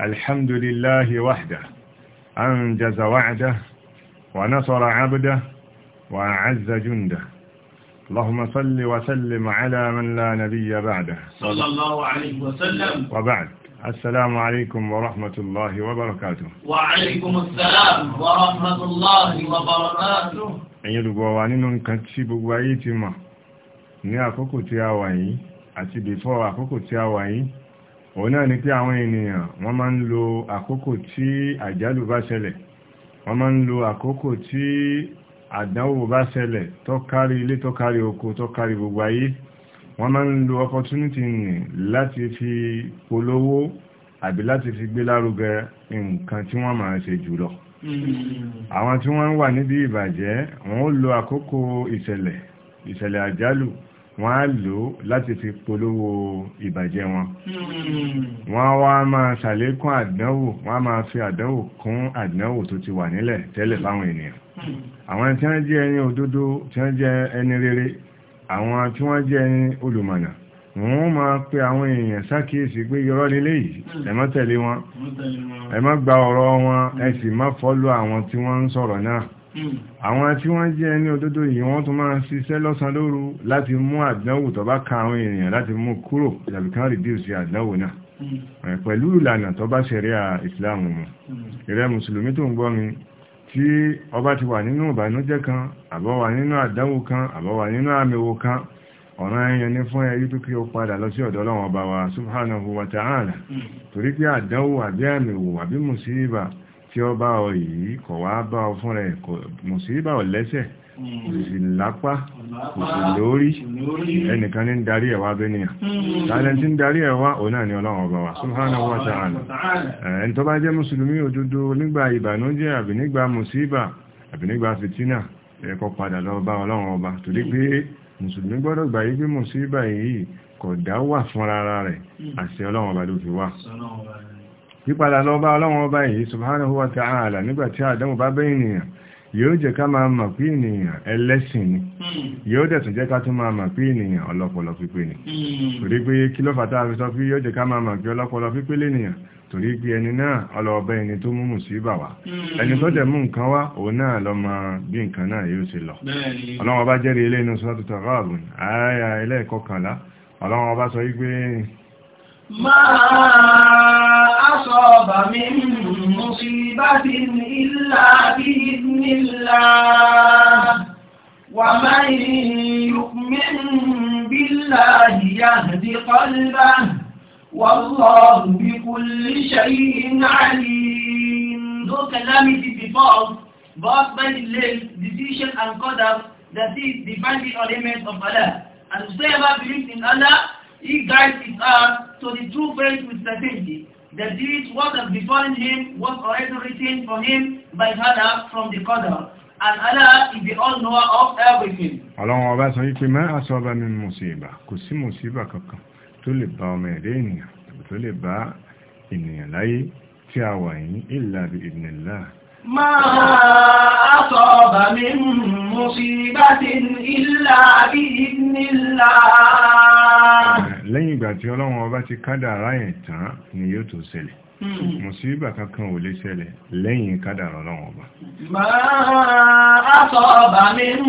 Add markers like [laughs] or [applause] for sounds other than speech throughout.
الحمد لله وحده أنجز وعده ونصر عبده وأعز جنده اللهم صل وسلم على من لا نبي بعده صلى الله عليه وسلم وبعد السلام عليكم ورحمة الله وبركاته وعليكم السلام ورحمة الله وبركاته ẹ̀yin olùgbọ́ wa nínú nǹkan tí gbogbo ayé ti mọ̀ ní a wà yìí àti before àkókò tí a wà yìí Ona náà ni pé àwọn ènìyàn wọ́n máa ń lo àkókò tí ba bá ṣẹlẹ̀ wọ́n máa ń lo àkókò tí àdánwò bá ṣẹlẹ̀ tó kárí ilé oko tó kárí gbogbo ayé wọ́n máa ń opportunity ni lati fi polówó àbí láti fi gbé lárugẹ nǹkan tí wọ́n máa ṣe jùlọ mm-hmm. àwọn tí wọ́n wà níbi ìbàjẹ́ wọ́n lo àkókò ìṣẹ̀lẹ̀ ìṣẹ̀lẹ̀ àjálù wọ́n á lò láti fi polówó ìbàjẹ́ wọn hmm. wọ́n wá máa ṣàlékún àdánwò wọ́n máa fi àdánwò kún àdánwò tó ti wà nílẹ̀ tẹ́lẹ̀ fáwọn ènìyàn hmm. àwọn tí wọ́n jẹ́ ẹni òdodo tí wọ́n jẹ́ ẹni rere àwọn tí wọ́n jẹ́ ẹni olùmọ̀nà wọ́n máa pe àwọn èèyàn sákìyèsí pé yọrọ nílé yìí ẹ má tẹ̀lé wọn ẹ má gba ọ̀rọ̀ wọn ẹ sì má fọ́lú àwọn tí wọ́n ń sọ̀rọ̀ náà àwọn tí wọ́n jẹ́ ẹni òdodo yìí wọ́n tún máa ṣiṣẹ́ lọ́sàn lóru láti mú àdánwò tó bá ka àwọn ènìyàn láti mú kúrò tàbí kan reduce àdánwò náà hmm. eh, pẹ̀lú ìlànà tó bá ṣẹ̀ríà ìsìláàmù mu hmm. ìrẹ́ mùsùlùmí tó ń gbọ́ mi tí ọba ti wà nínú ìbànújẹ́ kan àbọ̀ wà nínú àdánwò kan àbọ̀ wà nínú àmìwò kan ọ̀ràn ẹyẹn ní fún ẹ̀rí tó kí ó padà lọ sí ọ̀dọ̀ Ọlọ́run ọba wa subhanahu wa ta'ala hmm. torí pé àdánwò àbí àmìwò àbí mùsíbà tí ó bá ọ yìí kọ̀ wá bá ọ fún rẹ̀ mùsíbà ò lẹ́sẹ̀ kò sì lápá kò sì lórí ẹnìkan ní darí ẹ̀wà bẹ́nìyàn tààlẹ̀ tí ń darí ẹ̀wà ò náà ni ọlọ́run ọba wa subhanahu wa ta'ala ẹni tó bá jẹ́ mùsùlùmí òdodo nígbà ìbànújẹ́ àbí nígbà mùsíbà àbí nígbà fìtínà ẹ kó padà lọ bá ọlọ́run ọba torí pé mùsùlùmí gbọ́dọ̀ gbà yí yípadà lọ bá ọlọ́wọ́n ọba yìí subhanahu wa ta'ala nígbàtí àdánwò bá bẹ́ ènìyàn yóò jẹ́ ká máa mọ̀ pé ènìyàn ẹlẹ́sìn ni hmm. yóò ma jẹ́ ká tún máa mọ̀ ènìyàn ọlọ́pọlọ pípé ni hmm. torí pé kí ló fàtà àfi sọ yóò jẹ́ ká máa mọ̀ pípé lènìyàn torí pé ẹni náà ọlọ́ọ̀bẹ ẹni tó hmm. ẹni tó lọ mọ bí nǹkan náà yóò ṣe lọ ọlọ́wọ́n bá jẹ́rìí ilé inú sọ́tútù ọ̀rọ̀ máa aṣọ ọ̀bà mi mùsíbátì ìlà bí nílà wà máa yùkùnmín bílà ìyá àti kọlbà wallahu bi kulli shay'in alim. No decision and qadar that is the binding element of Allah. And whoever believes in Allah He guides his heart to the true faith with certainty that this what has befallen him was already written for him by Allah from the Qadr. And Allah is the all-knower of everything. Ọlọ́run ọba sọ wípé mẹ́ àṣọ́ba mi mùsíbà kò sí mùsíbà kankan tó lè bá ọmọ ẹ̀dẹ́ ènìyàn tó lè bá ènìyàn láyé tí a wà yìí ìlàbí ìdìnnìláà ما أصاب من مصيبة إلا بإذن الله lẹ́yìn ìgbà tí ọlọ́run ọba ti kádàrá ẹ̀ tán ni yóò tó ṣẹlẹ̀ mùsíbà hmm. kankan ò lè ṣẹlẹ̀ lẹ́yìn kádàrá ọlọ́run ọba ma asaba min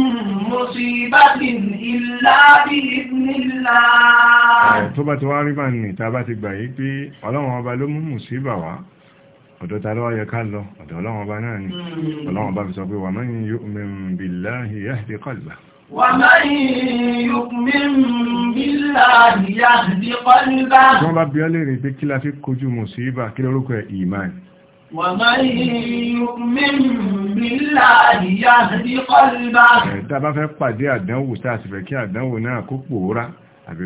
musibatin illa bi idhnillah tó bá ti wá rí bá ní ìta bá ti gbà yí pé ọlọ́run ọba ló mú mùsíbà wá ọ̀dọ̀ ta ló wá yẹ ká lọ ọ̀dọ̀ ọlọ́run ọba náà ni hmm. ọlọ́run ọba fi sọ pé wa man yu'min billahi yahdi qalbahu wọ́n bá bí ọlẹ́rìn pé kí la fi kojú mùsíbà kí lórúkọ ẹ̀ ìmáì ẹ̀ta bá fẹ́ pàdé àdánwò tá a sì fẹ́ kí àdánwò náà kó pòórá àbí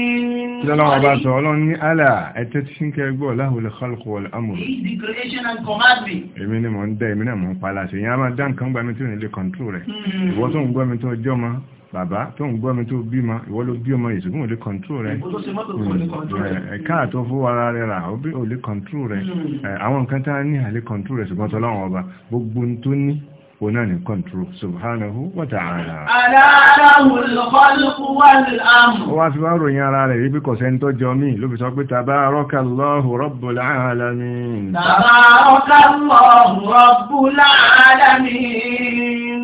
kí lọ́lọ́wọ́ bá sọ ọlọ́run ní àlà ẹ̀tẹ́ tí ń kẹgbọ́ láhùlẹ̀ kọlùkù wọlẹ̀ amòrò èmi ni mọ̀ ń dẹ́ èmi náà mọ̀ ń paláṣẹ ìyá máa dá nǹkan gbámi tí ò nílé kọ̀ǹtró rẹ̀ hmm. ìwọ tó ń gbọ́mi tó ọjọ́ ma bàbá tó ń gbọ́mi tó bímọ ìwọ ló bí ọmọ ìṣùgbọ́n ò lè kọ̀ǹtró rẹ̀ ẹ̀ka hmm náà ní kọ́ntró subhanahu wa ta'ala. aláàdáhùn lọ́kọ́lùkù wà ní àmù. wá fi wá ròyìn ara rẹ̀ wípé kọ̀sẹ̀ ń tọ́jọ mí ló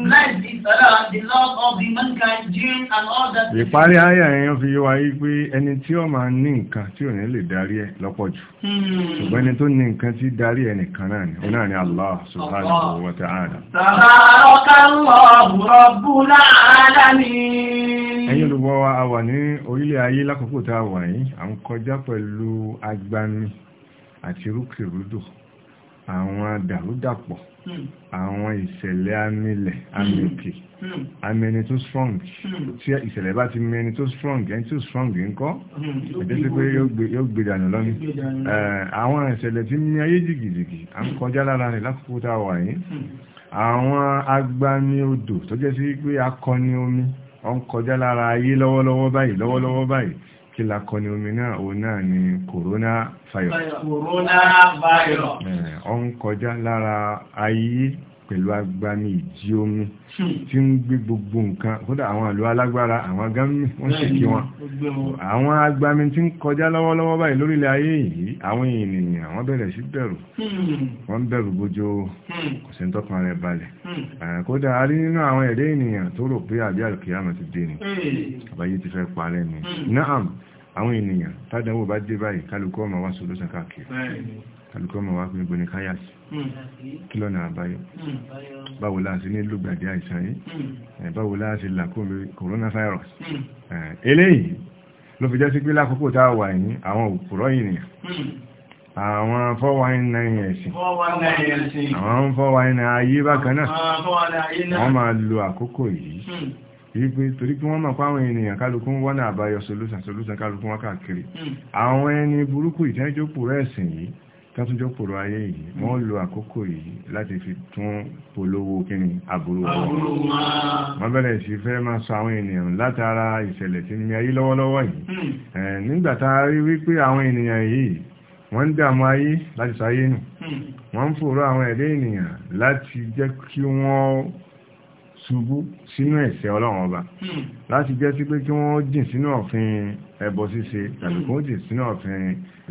the Lord of the mankind, jinn and all that. Ìparí ayé ẹ̀yàn fi yíó wáyé pé ẹni tí ó máa ní nǹkan tí ò ní lè darí ẹ lọ́pọ̀ jù. Hmm. Ṣùgbọ́n ẹni tó ní nǹkan tí darí ẹ nìkan náà ni, ó ni Allah subhanahu wa ta'ala. Tabarakallahu rabbul alamin. Ẹ̀yin olùgbọ́ wa, a wà ní orílẹ̀ ayé lákòókò tá a wà yìí, à ń kọjá pẹ̀lú agbami àti rúkèrúdò, àwọn dàrúdàpọ̀. Hmm. àwọn ìṣẹ̀lẹ̀ amílẹ̀ hmm. amíkè amẹni hmm. tó strong tí ìṣẹ̀lẹ̀ bá ti mẹni tó strong ẹni tó strong ń kọ́ ẹ̀jẹ́ sí pé yóò gbé dànù lọ́nà eh, àwọn ìṣẹ̀lẹ̀ tí mi ayé jìgìjìgì à ń kọjá lára rẹ̀ lákòókò tá a wà yìí àwọn agbani odò tó jẹ́ sí pé akọni omi ó ń kọjá lára ayé lọ́wọ́lọ́wọ́ báyìí lọ́wọ́lọ́wọ́ báyìí kila la kọ ní omi ni corona virus. corona virus. ọ̀ eh, ń kọjá lára ayé pẹ̀lú agbami ìjí omi hmm. tí ń gbé gbogbo nǹkan kódà àwọn ìlú alágbára àwọn agbami wọ́n sì kí wọn àwọn agbami tí ń kọjá lọ́wọ́lọ́wọ́ báyìí lórílẹ̀ ayé yìí àwọn ènìyàn wọ́n bẹ̀rẹ̀ sí bẹ̀rù hmm. wọ́n bẹ̀rù bójó hmm. kò sí tọ́kàn rẹ̀ balẹ̀ kódà a rí nínú àwọn ẹ̀dẹ́ ènìyàn tó rò pé àbí àlùkìyàmọ̀ ti dé ni àbáyé ti fẹ́ parẹ́ ni náà àwọn ènìyàn tádàwò bá dé báyìí kálukú ọmọ wá solúsàn káàkiri tàbí kọ́ mọ̀ wá pé gbóní káyàsì kí lọ́nà àbáyọ báwo la ṣe ní lùgbàdì àìsàn yìí báwo la ṣe làkó lórí coronavirus eléyìí ló fi jẹ́ sí pé lákòókò tá a wà yìí àwọn òpùrọ́ ènìyàn àwọn 419 ẹ̀sìn àwọn 419 ayé bákan náà wọ́n máa lo àkókò yìí wípé torí pé wọ́n máa pàwọn ènìyàn kálukú wọ́n náà àbáyọ solúsàn solúsàn kálukú wọ́n káàkiri àwọn ẹni burúkú ìtẹ́jọ́pù rẹ̀ ẹ̀sìn yìí tọ́túnjọ́ pòrò ayé yìí wọ́n lo àkókò yìí láti fi tún polówó kíni àbúrò wọ́n bẹ̀rẹ̀ sí fẹ́ máa sọ àwọn ènìyàn látara ìṣẹ̀lẹ̀ tí ní ayé lọ́wọ́lọ́wọ́ yìí hmm. nígbà tá a rí wípé àwọn ènìyàn yìí wọ́n ń dààmú ayé láti sáyé nù hmm. wọ́n ń fòrò àwọn ẹ̀dẹ́ ènìyàn láti jẹ́ kí wọ́n ṣubú sínú ẹ̀ṣẹ̀ ọlọ́run ọba hmm. láti jẹ́ sí pé kí wọ́n jìn sínú ọ̀fin ẹbọ ṣíṣe tàbí kí wọ́n jìn sínú ọ̀fin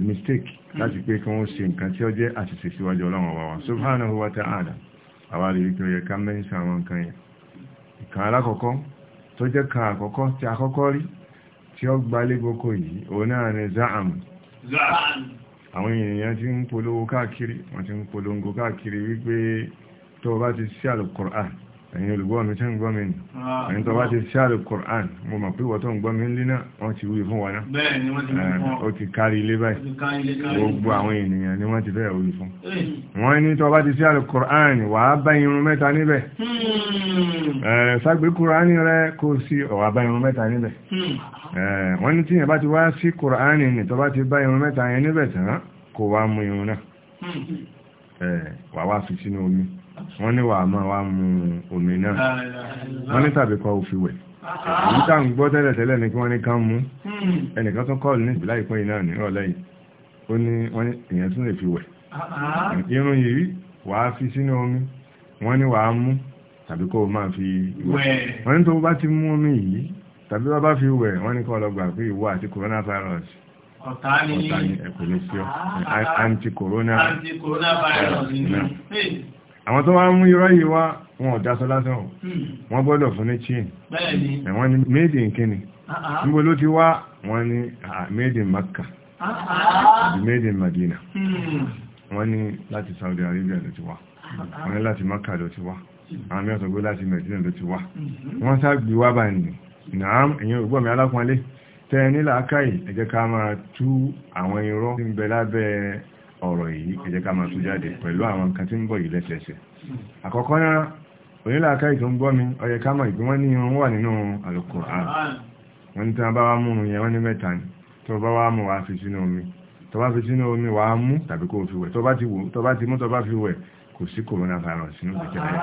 mistake hmm. láti pé kí wọ́n ṣe nǹkan tí ó jẹ́ àṣìṣe síwájú ọlọ́run ọba wa hmm. ta'ala àwa lè rí kí ó yẹ ká mẹ́rin sáwọn nǹkan yẹn ìkan alákọ̀ọ́kọ́ tó jẹ́ kan àkọ́kọ́ tí akọ́kọ́ rí tí ó gbalé gboko ni zaam àwọn èèyàn ti ń polówó káàkiri wọ́n ti ń polongo káàkiri wípé tó bá ti sí àlùkùránì ẹ̀yin olùgbọ́ mi tẹ́ ń gbọ́ mi nì ah. ẹ̀yin tó bá ti ṣáàlù Qur'an mo mọ̀ pé wọ́n tó ń gbọ́ mi ń líná wọ́n ti wí fún wa náà ó ti kárí ilé báyìí gbogbo àwọn ènìyàn ni wọ́n ti fẹ́ wí fún wọ́n ní tó bá ti ṣáàlù Qur'an wà á bá irun mẹ́ta níbẹ̀ hmm. ṣàgbé Qur'an rẹ kó sí ọ̀wà bá irun mẹ́ta níbẹ̀ hmm. wọ́n ní tíyẹn bá ti wá sí Qur'an ní tó bá ti bá irun mẹ́ta yẹn níbẹ̀ tán kó wá mú irun náà hmm. wà wá fi sínú omi wọ́n ní wàá máa wá mu omi náà wọ́n ní tàbí kọ́ òfin wẹ̀ ah. èyí tá ń gbọ́ tẹ́lẹ̀ tẹ́lẹ̀ ni kí wọ́n ní ká mú hmm. ẹnìkan tó kọ́ọ̀lù ní ìbílá ìpín iná ní ọ̀lẹ́ yìí ó ní wọ́n ní èèyàn tún lè fi wẹ̀ ah, ah. irun yìí wàá fi sínú omi wọ́n ní wàá mú tàbí kó máa fi wẹ̀ wọ́n ní tó bá ti mú omi yìí tàbí bá bá fi wẹ̀ wọ́n ní kó o pé ìwọ àti coronavirus ọ̀tá ní ẹ̀kọ́ ní sí ọ anti-coronavirus àwọn tó wá mú irọ́ yìí wá wọn ò dásọ lásán hmm. wọ́n gbọ́dọ̀ fún ní chain ẹ̀wọ́n ni made in kíni ah, ah. níbo ló ti wá wọ́n ni ah, made in Makka made in Madina hmm. wọ́n ni láti Saudi Arabia ló ti wá wọ́n ni láti Makka ló ti wá hmm. àwọn mẹ́rin sọ pé láti Medina ló ti wá wọ́n sáàgbì wá bá ní nàám èyàn ògbọ́ mi alákùnlé tẹ́ nílà ákàì ẹ̀jẹ̀ ká máa tú àwọn irọ́ ọ̀rọ̀ yìí ẹ jẹ́ ká máa tú jáde pẹ̀lú àwọn nǹkan tí ń bọ̀ yìí lẹ́sẹẹsẹ̀ àkọ́kọ́ náà onílàáká ìtò ń gbọ́ mi ó yẹ ká mọ̀ ìpín wọ́n ní irun wà nínú Al-Qur'an wọ́n ní tí wọ́n bá wá mú un yẹn wọ́n ní mẹ́ta ni tó bá wá mú wá fi sínú omi tó bá fi sínú omi wá mú tàbí kó fi wẹ̀ tó bá ti mú tó bá fi wẹ̀ kò sí coronavirus nínú ìjẹ́jẹ́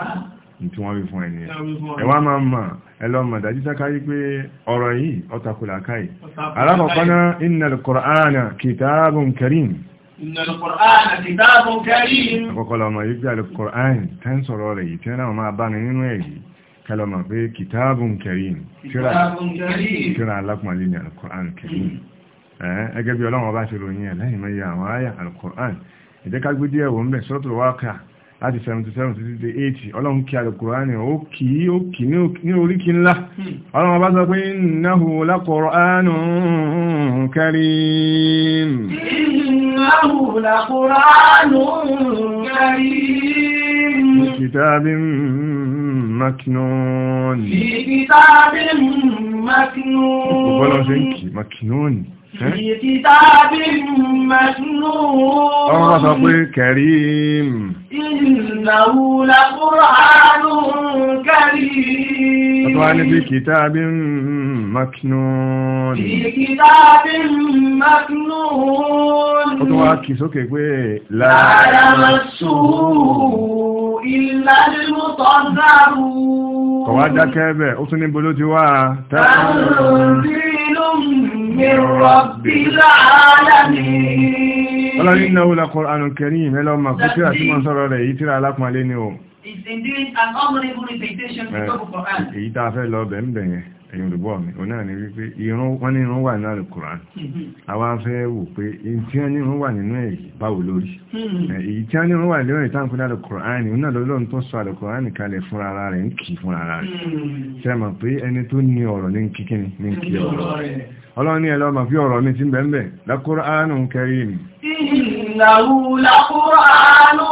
kitabun karim Àkọ́kọ́ lọ mọ̀ yí pé Al-Qur'an tẹ́ ń sọ̀rọ̀ rẹ̀ yìí tí ó náà máa bá ní nínú èyí kẹlọ mọ̀ pé Kitabun Karim tíra alákùnrin ní Al-Qur'an Karim. Ẹgẹ́ bí Ọlọ́run ọba ṣe ròyìn ẹ̀ láti 77 títí dé 80 ọlọ́run kí alùkùránì ó kì í ó kì ní oríkì ńlá hmm. ọlọ́run bá sọ pé innahu laqur'anun karim innahu laqur'anun karim fi kitabin maknun fi kitabin maknun Ọ̀rọ̀ sọ pé kẹrìm. Ìlàwú lápúránù kẹrìm. Ọ̀tọ́ wá ní bí kìtàbí maknún. Bí kìtàbí maknún. Ọ̀tọ́ wá kì sókè pé láàrá sùúrù ìlàlúmùtọ́gbàrù. Kọ̀wá dákẹ́ bẹ̀, ó tún من رب العالمين ọlọ́rin náà wọ́la Qur'anul Karim mẹ́lọ ma kó tíra tí mọ́ sọ́rọ̀ rẹ̀ èyí tíra alákùnlé ní o èyí tàà fẹ́ lọ bẹ̀ ń bẹ̀ yẹn ẹ̀yìn olùgbọ́ mi o náà ni wípé wọ́n ní irun wà nínú Qur'an mm-hmm. àwọn afẹ́ wò pé mm-hmm. èyí tí wọ́n ní irun wà nínú èyí báwo lórí èyí tí wọ́n ní ọlọ́ni ẹ̀lọ́ ma fi ọ̀rọ̀ mi ti bẹ̀m̀bẹ̀ lákúránù karim innahu lákúránù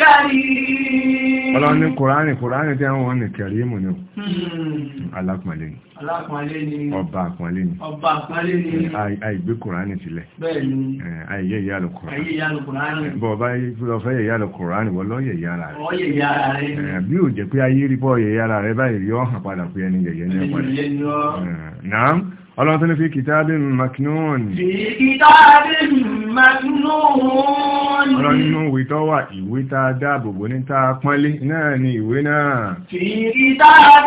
karim ọlọ́ni kùránì kùránì tí wọ́n ní karim ní alákùnlẹ̀ ni ọba àpọ̀lẹ̀ ni àìgbé kùránì sílẹ̀ àìyẹ ìyálò kùránì bọ́ bá fẹ́ ìyálò kùránì wọ́n lọ́yẹ̀ ìyára rẹ̀ bí ò jẹ́ pé ayé rí bọ́ ìyára rẹ̀ báyìí yọ́ hàn padà pé ẹni yẹ̀yẹ́ ní ọ̀pọ̀lẹ̀ قال وثني في كتاب مكنون في كتاب مكنون قال إنه ويتوى إيويتا دابو ونينتا أقمالي ناني وينا في كتاب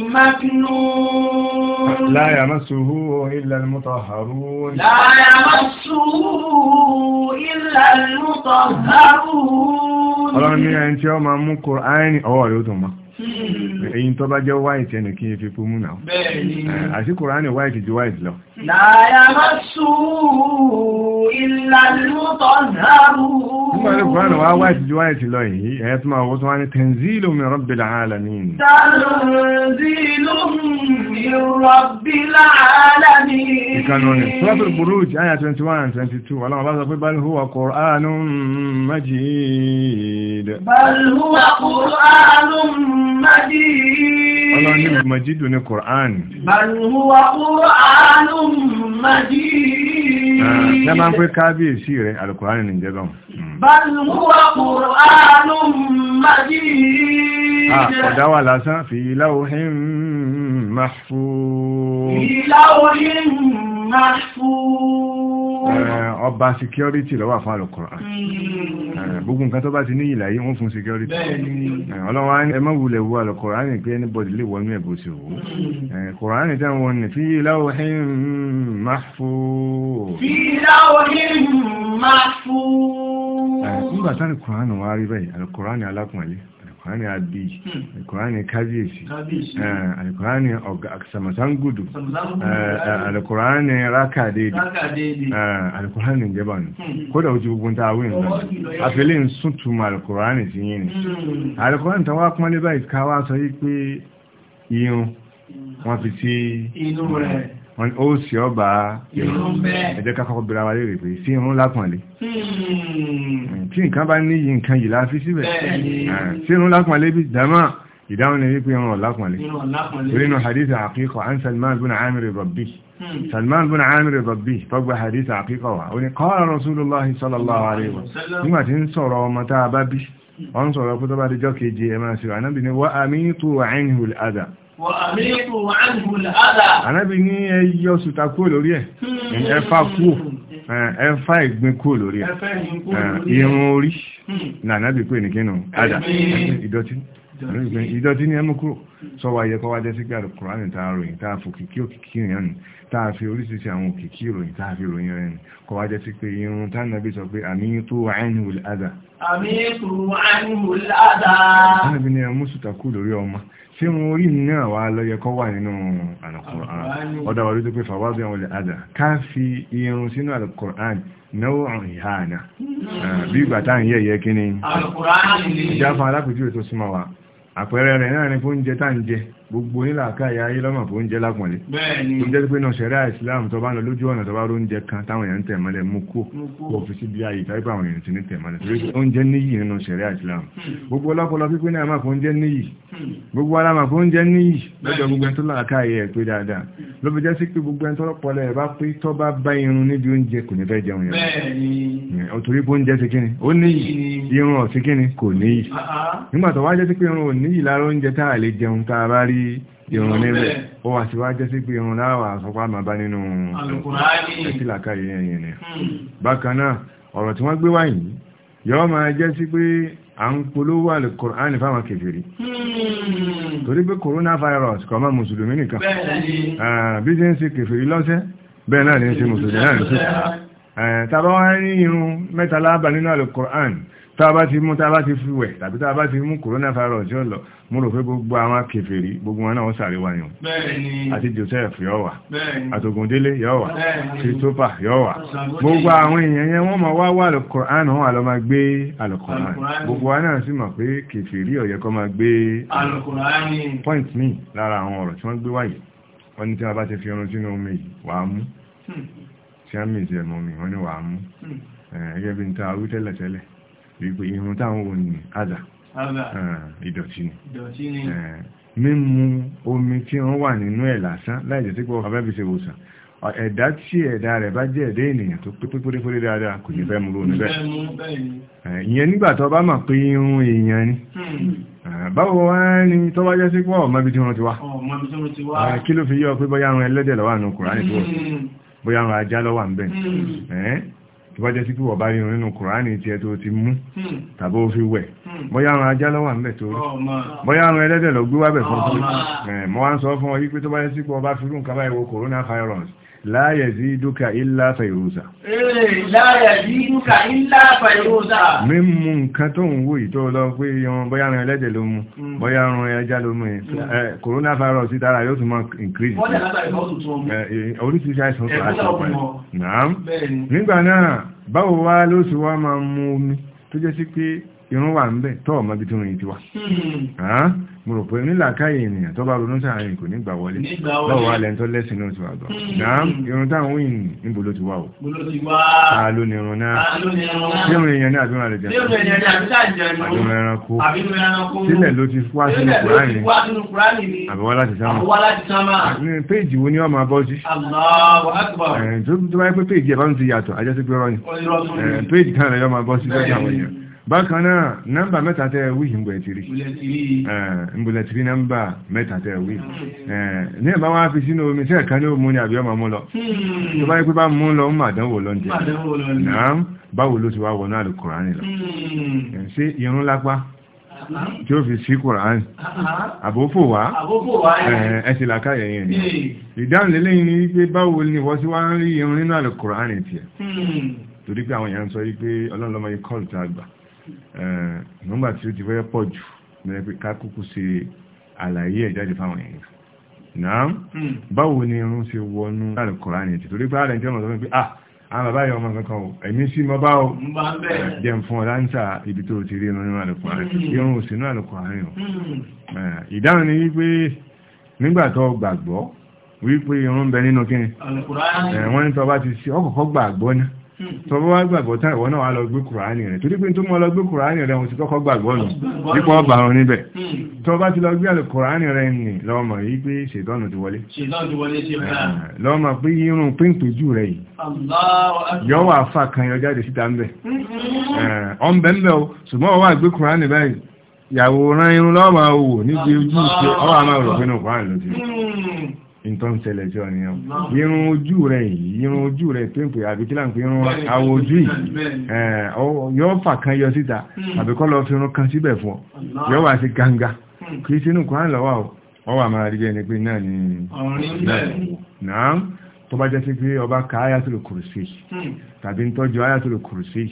مكنون لا يمسه إلا المطهرون لا يمسه إلا المطهرون قال إنه أنت يوم أمو Hmm. èyí tó bá jẹ́ white ẹni kí n fi pú mú náà eh, àti kùránì white ju white lọ láyá má sú ìlànà tó zárú nígbàtí wá white ju white lọ yìí ẹ̀yẹ́ tó máa wọ́n tó wá ní tẹ̀nzílù min rabbil alamin and 22 ọlọ́run bá sọ pé bal huwa qur'anun majid bal huwa qur'anun مجيد ọlọ́run ní mọ̀jídù ní Qur'an bal huwa Qur'anun majid lẹ́mà ah, ń pé kábíyèsí rẹ̀ alùkùránì nìjẹ́bọ̀n Hmm. Bal huwa Qur'anun ah, Majid. Àkọ̀dá wà lásán fi lawhin mahfuz. Fi lawhin mahfuz. Eh, ọba security ló wà fún Al-Qur'an. Hmm. Eh, gbogbo nǹkan tó bá ti ní ìlà yìí wọ́n fún security. Eh, Ọlọ́run ẹ má wulẹ̀ wo Al-Qur'an ní pé anybody lè wọnú ẹ̀bọ̀ sí òwú. Qur'an ní tẹ́wọ̀n ní fi lawhin mahfuz. Fi lawhin mahfuz nígbà tán ní kùránì wá rí bẹ́ẹ̀ alìkùránì alákùnrin alìkùránì àbí alìkùránì hmm. kábíyèsí alìkùránì samasangudu alìkùránì rákàdéèdì alìkùránì ìjẹba nù kódà ojú gbogbo ta awé nǹkan afẹ́lẹ́ ń súntùmọ̀ alìkùránì sí yìí ni alìkùránì hmm. tán wá pọ́nlé báyìí ká wá sọ yí pé irun wọ́n fi sí inú rẹ̀ wọ́n ó sì ọ́ bá ẹ̀jẹ̀ kákọ́kọ́ bẹ̀rẹ̀ wa léèrè pé sí irun lápọ̀nlé hmm. tí nǹkan bá ní yìí nǹkan yìí láfi síbẹ̀ sí ah, irun lápọ̀nlé bí jama ìdáhùn ní wípé irun lápọ̀nlé nínú hadith àkíkọ̀ an Salman bin Amir Rabbi hmm. Salman bin Amir Rabbi tọ́gbà hadith àkíkọ̀ wa ó ní qala Rasulullah sallallahu alaihi wa nígbà tí ń sọ̀rọ̀ ọmọ tá a bá bí hmm. Ànábì ní ẹyọ ṣùtà kúrò lórí ẹ̀, hmm. ẹfà kúrò, ẹfà ìgbín kúrò lórí ẹ̀, irun orí, hmm. nànábì pè ní kínú, na ìdọ̀tí ìdọ̀tí ni ẹmú kúrò sọ wà yẹ kọ́ wá jẹ́ fi oríṣiríṣi àwọn òkìkí ìròyìn Taa fi ròyìn rẹ̀ irun tí wọ́n rí náà wà lọ́yẹ kọ́ wà nínú Al-Qur'an ọdá wà lójú pé fàwọ́dí àwọn olè adà ká fi irun sínú Al-Qur'an náà ìhànà hmm. ah, bí ìgbà táà ń yẹ̀yẹ kí ni ìjáfà alápìjú ètò súnmọ́ wa àpẹẹrẹ rẹ̀ náà ni fóúnjẹ táà ń jẹ gbogbo nílà àkáyà ayé lọ́mọ̀ fún oúnjẹ lápọ̀lẹ́ tó jẹ́ pé náà ṣẹ̀rẹ́ Islam tó bá lọ lójú ọ̀nà tó bá róúnjẹ kan táwọn èèyàn tẹ̀mọ́lẹ̀ mú kó kò fi sí bí ayé táìpà àwọn èèyàn ti ní tẹ̀mọ́lẹ̀ torí oúnjẹ níyì nínú ṣẹ̀rẹ́ Islam hmm. gbogbo ọlọ́pọlọ pípé náà máa fún oúnjẹ níyì hmm. gbogbo ara máa fún oúnjẹ níyì lọ́jọ́ gbogbo ẹni tó làákàyè ẹ̀ pé dáadáa hmm. ló fi jẹ́ sí pé gbogbo ẹni tọ́lọ́pọlọ ẹ̀ bá pé tọ́ bá bá irun níbi oúnjẹ kò ní rí irun níbẹ̀ ó wà sí wá jẹ́ sí pé irun láwà àsọpá máa bá nínú ẹ̀sìlàkà ìyẹn ni hmm. bákan náà ọ̀rọ̀ tí wọ́n gbé wá yìí yọ́ máa jẹ́ sí pé à ń polówó alìkùránì fáwọn kèfèrí hmm. torí pé coronavirus kò mọ́ mùsùlùmí nìkan ah, bí ṣe ń ṣe kèfèrí lọ́sẹ̀ bẹ́ẹ̀ náà ní ṣe mùsùlùmí náà ní ṣe Eh, tàbá wá ní irun mẹ́ta lábà nínú alukur'an tàbá ti mú tàbá ti fi wẹ̀ tàbí tàbá ti mú coronavirus yóò lọ mú rò pé gbogbo àwọn kèfèrí gbogbo wọn náà sàríwá yàn àti Joseph yóò wà àtògùndélé yóò wà Christopher yóò wà gbogbo àwọn èèyàn yẹn wọ́n ma wá wà alukur'an wọn àlọ́ ma gbé alukur'an gbogbo wọn náà sì mọ̀ pé kèfèrí ọ̀yẹ́ kọ́ ma gbé alukur'an point mi lára àwọn ọ̀rọ̀ tí wọ́n gbé wáyé wọ́n ní tí wọ́n bá ti fi irun sínú omi wàá mú hmm tí wọ́n mìí sí ẹ̀mọ́ mi wọ́n ní wàá mú hmm. ẹgẹ́ bí n ta awí tẹ́lẹ̀ tẹ́lẹ̀ wípé irun táwọn wò ní àdà ìdọ̀tí ni mímu omi tí wọ́n wà nínú ẹ̀ lásán láìjẹ́ tí pọ̀ abẹ́bí ṣe wòsàn ẹ̀dá tí ẹ̀dá rẹ̀ bá jẹ́ ẹ̀dá ènìyàn tó pé pípé fórí dáadáa kò pé ni hmm. báwo wá ní tó bá jẹ́ sí pọ̀ ọmọ ibi tí wọ́n ti wá kí ló fi yọ pé bọ́yá àwọn ẹlẹ́dẹ̀ lọ́wọ́ àánú kùránì tó bóyá àwọn ajá lọ́wà ń bẹ̀ hmm. tó bá jẹ́ sí pípọ̀ bá rírun nínú kùránì tí ẹ tó ti mú hmm. tàbí ó fi wẹ̀ hmm. bóyá àwọn ajá lọ́wà ń bẹ̀ tó rí bóyá àwọn ẹlẹ́dẹ̀ lọ gbé fún fún mọ́ wá ń sọ fún ọ yí pé tó bá jẹ́ sí pípọ̀ bá fi rú nǹkan coronavirus la yaziduka illa fayruza eh la yaziduka illa fayruza min mun kan tó ń wò ito lọ pé yon bóyá ran ẹlẹ́dẹ̀ ló mú hmm. bóyá ran ẹja ló mú hmm. eh corona virus ti dára yóò tún máa increase wọ́n dẹ̀ látàrí bó tún eh orí ti sai so so naam nígbà náà báwo wá ló sì wá máa mu omi tó jẹ́ sí pé irun wà ńbẹ̀ tó ma bi tun yi ti wa ah hmm mo rò pé nílàákàyè ènìyàn tó bá ronú sáàrin kò ní gbà wọlé lọ́wọ́ alẹ́ tó lẹ́sìn náà ti wà gbà hmm. náà irun táwọn wí ní níbo ló ti wá o ta ló ní irun náà tí irun èèyàn ní àbíwọn àlejò àbíwọn ẹranko sílẹ̀ ló ti wá sínú kùránì àbíwá láti sámà ní péèjì wo ni wọ́n máa bọ́ sí tó báyé pé péèjì ẹ̀ bá ń ti yàtọ̀ ajẹ́sí pé rọ́ ni péèjì kan rẹ̀ yọ́ bákan náà nọ́mbà mẹ́ta tẹ́ wí ìgbò ẹ̀tìrí ìbùlẹ̀tìrí nọ́mbà mẹ́ta tẹ́ wí ní ẹ̀bá wá fi sínú omi tẹ́ ẹ̀kan ní òmú ni àbí ọmọ mú lọ hmm. tó bá ikú bá mú lọ mú àdánwò lọ́ndẹ̀ náà báwo ló ti wá wọnú àlùkùránì lọ hmm. ṣé irun lápá tí ó fi sí kùránì àbófò wá ẹ̀sì wọ́n sí àlùkùránì tiẹ̀ hmm. torí pé àwọn èèyàn sọ wípé ọlọ́run lọ́mọ ikọ́ ìta àgbà nígbà tí ó ti fẹ́ pọ̀ jù ní pé ká kúkú ṣe àlàyé ẹ̀ jáde fáwọn èèyàn náà hmm. báwo ni irun ṣe wọnú Al-Kùránì ní ti torí ààrẹ ìjọba sọ pé ah àwọn bàbá yọ ọmọ kankan o ẹ̀mí sí mọ́ bá o jẹun fún ọ̀láńtà ibi tó ti rí irun nínú Al-Kùránì hmm. irun òsínú Al-Kùránì o hmm. ìdáhùn ni wípé nígbàtọ́ gbàgbọ́ wípé irun ń tọ́bọ́ wá gbàgbọ́ tán ìwọ náà wá lọ gbé kùránì rẹ̀ torí pé tó mọ́ lọ gbé kùránì rẹ̀ wọ́n ti kọ́kọ́ gbàgbọ́ nù nípa ọba ọ̀run níbẹ̀ tó bá ti lọ gbé àlè kùránì rẹ̀ nì lọ́mọ yìí pé ṣètọ́nù ti wọlé lọ́mọ pé irun pínpínjú rẹ̀ yìí yọ́ wà fà kan yọ jáde síta ń bẹ̀ ọ̀nbẹ̀ ń bẹ̀ o ṣùgbọ́n wọ́n wà gbé kùránì báyìí ìyàwó ran irun lọ́mọ owó níbi ojú ìṣe ọwọ́ àmà òròfin nù kùránì lọ sí nǹkan ń ṣẹlẹ̀ sí ọ̀nìyàn irun ojú rẹ̀ yìí irun ojú rẹ̀ tó ń pè àbí kí là ń pè irun àwọ̀ ojú yìí yóò fà kan yọ síta àbí kọ́ lọ fi irun kan síbẹ̀ fún ọ yóò wá sí ganga kì í sínú kan lọ́wọ́ o wọ́n wà máa rí ẹni pé náà ni náà tó bá jẹ́ sí pé ọba ka ayatul kùrùsí tàbí ń tọ́jú ayatul kùrùsí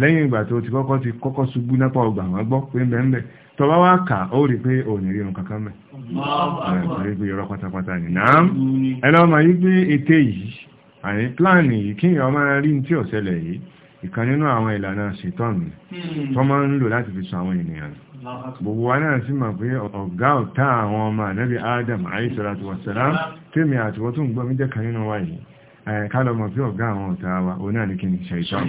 lẹ́yìn ìgbà tó ti kọ́kọ́ ti kọ́kọ́ tọba wá kà ó rí pé ò ní rí ohun kankan mẹ́ ẹ̀rẹ́ pé irọ́ pátápátá ni náà ẹlọ́mà yí pé ète yìí àní pláàni yìí kí ìyọ́ máa rí tí ò ṣẹlẹ̀ yìí ìkan nínú àwọn ìlànà ṣètọ́nù hmm. tó máa ń lò láti fi sọ àwọn ènìyàn gbogbo wa náà sí máa pé ọ̀gá ọ̀tá àwọn ọmọ ànábì Adam àìsàràtù wàsàlám tèmi àti wọ́n tún gbọ́ mí jẹ́ kan nínú wa yìí kálọ̀ mọ̀ pé ọ̀gá àwọn ọ̀tá wa onáà ní kí ni ṣe ìtọ́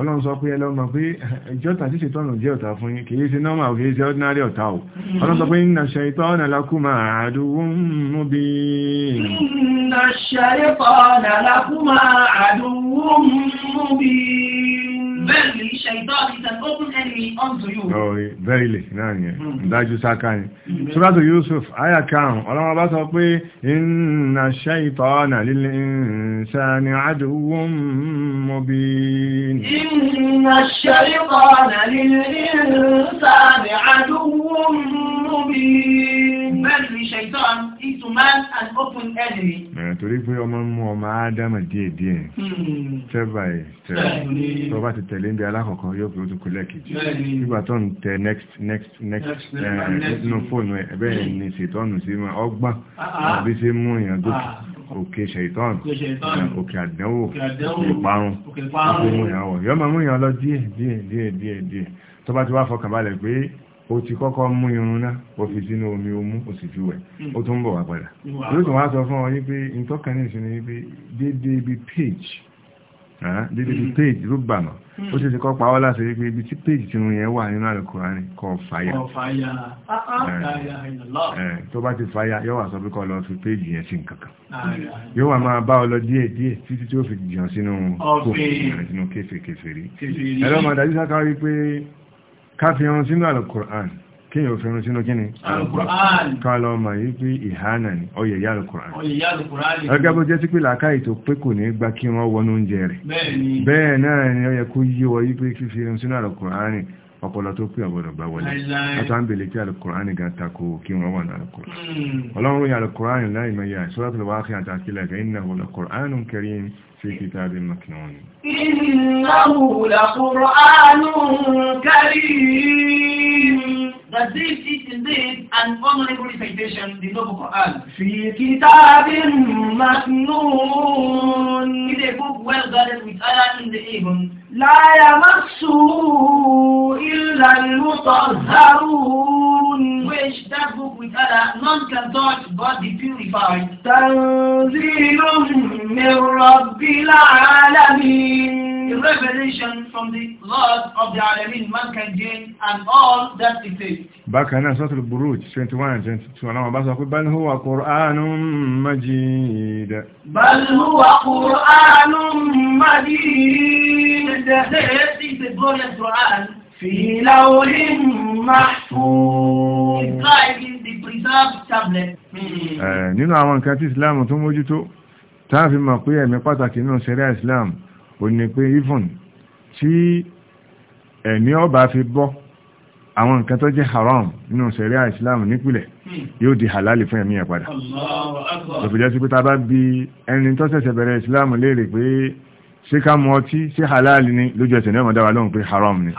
ọlọ́run sọ pé ẹlọ́mọ pé ìjọta tí ṣètọ́nà jẹ́ ọ̀tá fún yín kìí ṣe nọ́mà òkèé ṣe ordinary ọ̀tá ò ọlọ́run sọ pé inna shaytana lakuma aduwwun mubin inna shaytana lakuma aduwwun mubin verily shaitan is an open enemy unto you. Oh, verily náà ni ẹ̀ hmm. dájú sáká ni. Hmm. Suratu Yusuf àyà karùn-ún ọlọ́wọ́ bá sọ pé inna shaitana lil insani aduwwun mubin. Inna shaitana lil insani aduwwun torí pé ọmọ mú ọmọ ádámà díẹ̀ díẹ̀ tẹ́bà ẹ̀ tẹ́bà tó bá ti tẹ̀lé ń bí alákọ̀ọ́kọ́ yóò fi ó ti kúlẹ̀ kìí nígbà tó ń tẹ next next next nínú eh, fóònù ẹ̀bẹ́ ni ṣètọ́nù sí ọgbà ah, ah. àbí sí mú èèyàn gòkè ah. òkè ṣẹ̀tọ́n eh, òkè àdánwò ìparun gbogbo ìyàwó yọ́ máa mú èèyàn lọ díẹ̀ díẹ̀ díẹ̀ díẹ̀ tó bá ti wá fọkànbalẹ̀ pé o ti kọ́kọ́ mú irun náà o fi sínú omi omú o sì fi wẹ̀ hmm. o tún bọ̀ wá padà hmm. yóò tún wá sọ fún ọ wípé ìtọ́ka ní wípé dédé ibi page dédé ibi hmm. page ló bà mọ́ ó ṣe ti kọ́ pa ọ́ láti wípé ibi tí page tí irun yẹn wà nínú Al-Kùránì kọ́ fàyà ah, ah, eh. eh, tó bá ti fàyà yóò wà sọ pé kọ́ lọ fi page yẹn sí nǹkan kan yóò wà máa bá ọ lọ díẹ̀ díẹ̀ títí tí ó fi jìyàn sínú kófì sínú kéfèkéfè sáká wípé ká fi irun sínú alukur'an kí yóò fi irun sínú kí ni alukur'an ká lọ ma yí pé ìhánà ni ọyẹ̀ yá alukur'an ọgá bó jẹ́ sí pé làkáyì tó pé kò ní gbá kí wọ́n wọnú oúnjẹ rẹ̀ bẹ́ẹ̀ náà ni ọyẹ̀ kó yí wọ yí pé fífi irun sínú alukur'an ọpọlọ tó pé ọgbọ̀dọ̀ gbà wọlé látàbílì tí alùkùránì ga tako kí wọ́n wà ní alùkùránì hmm. ọlọ́run yà alùkùránì láì mẹ́yà suratul Waqi'a àti àkílẹ̀ ìgbẹ̀ ìnáwó alùkùránì karim في كتاب مكنون إنه لقرآن كريم That is indeed an honorable recitation, the Noble Quran. في كتاب مكنون It a book well guarded with Allah in the لا يمسه إلا المطهرون Which that book with Allah none can touch but the purified. تنزيل من رب Rabbil revelation from the Lord of the Alameen, mankind, and all that it is. Bákan náà Suratul Buruj 21 and 22, àwọn bá pé bal huwa Qur'anun Majid. Bal huwa Qur'anun Majid. This is the glorious Quran. في لوح محفوظ. It's like the preserved tablet. Hmm. Eh, nínú àwọn nǹkan tí Ìsìláàmù tó mójútó, tààfin mọ̀ pé ẹ̀mí pàtàkì nínú sẹ́ríà Islam ò ní pé even tí ẹ̀mí ọba fi bọ́ àwọn nǹkan tó jẹ́ haram nínú sẹ̀ríà islam nípìlẹ̀ yóò di halali fún ẹ̀mí ẹ̀ padà tó fi jẹ́ sí pé ta bá bi ẹni tó ṣẹ̀ṣẹ̀ bẹ̀rẹ̀ islam léèrè pé ṣé ká mu ọtí ṣé halali ni lójú ẹsẹ̀ ní ọmọdáwà lóhun pé haram ni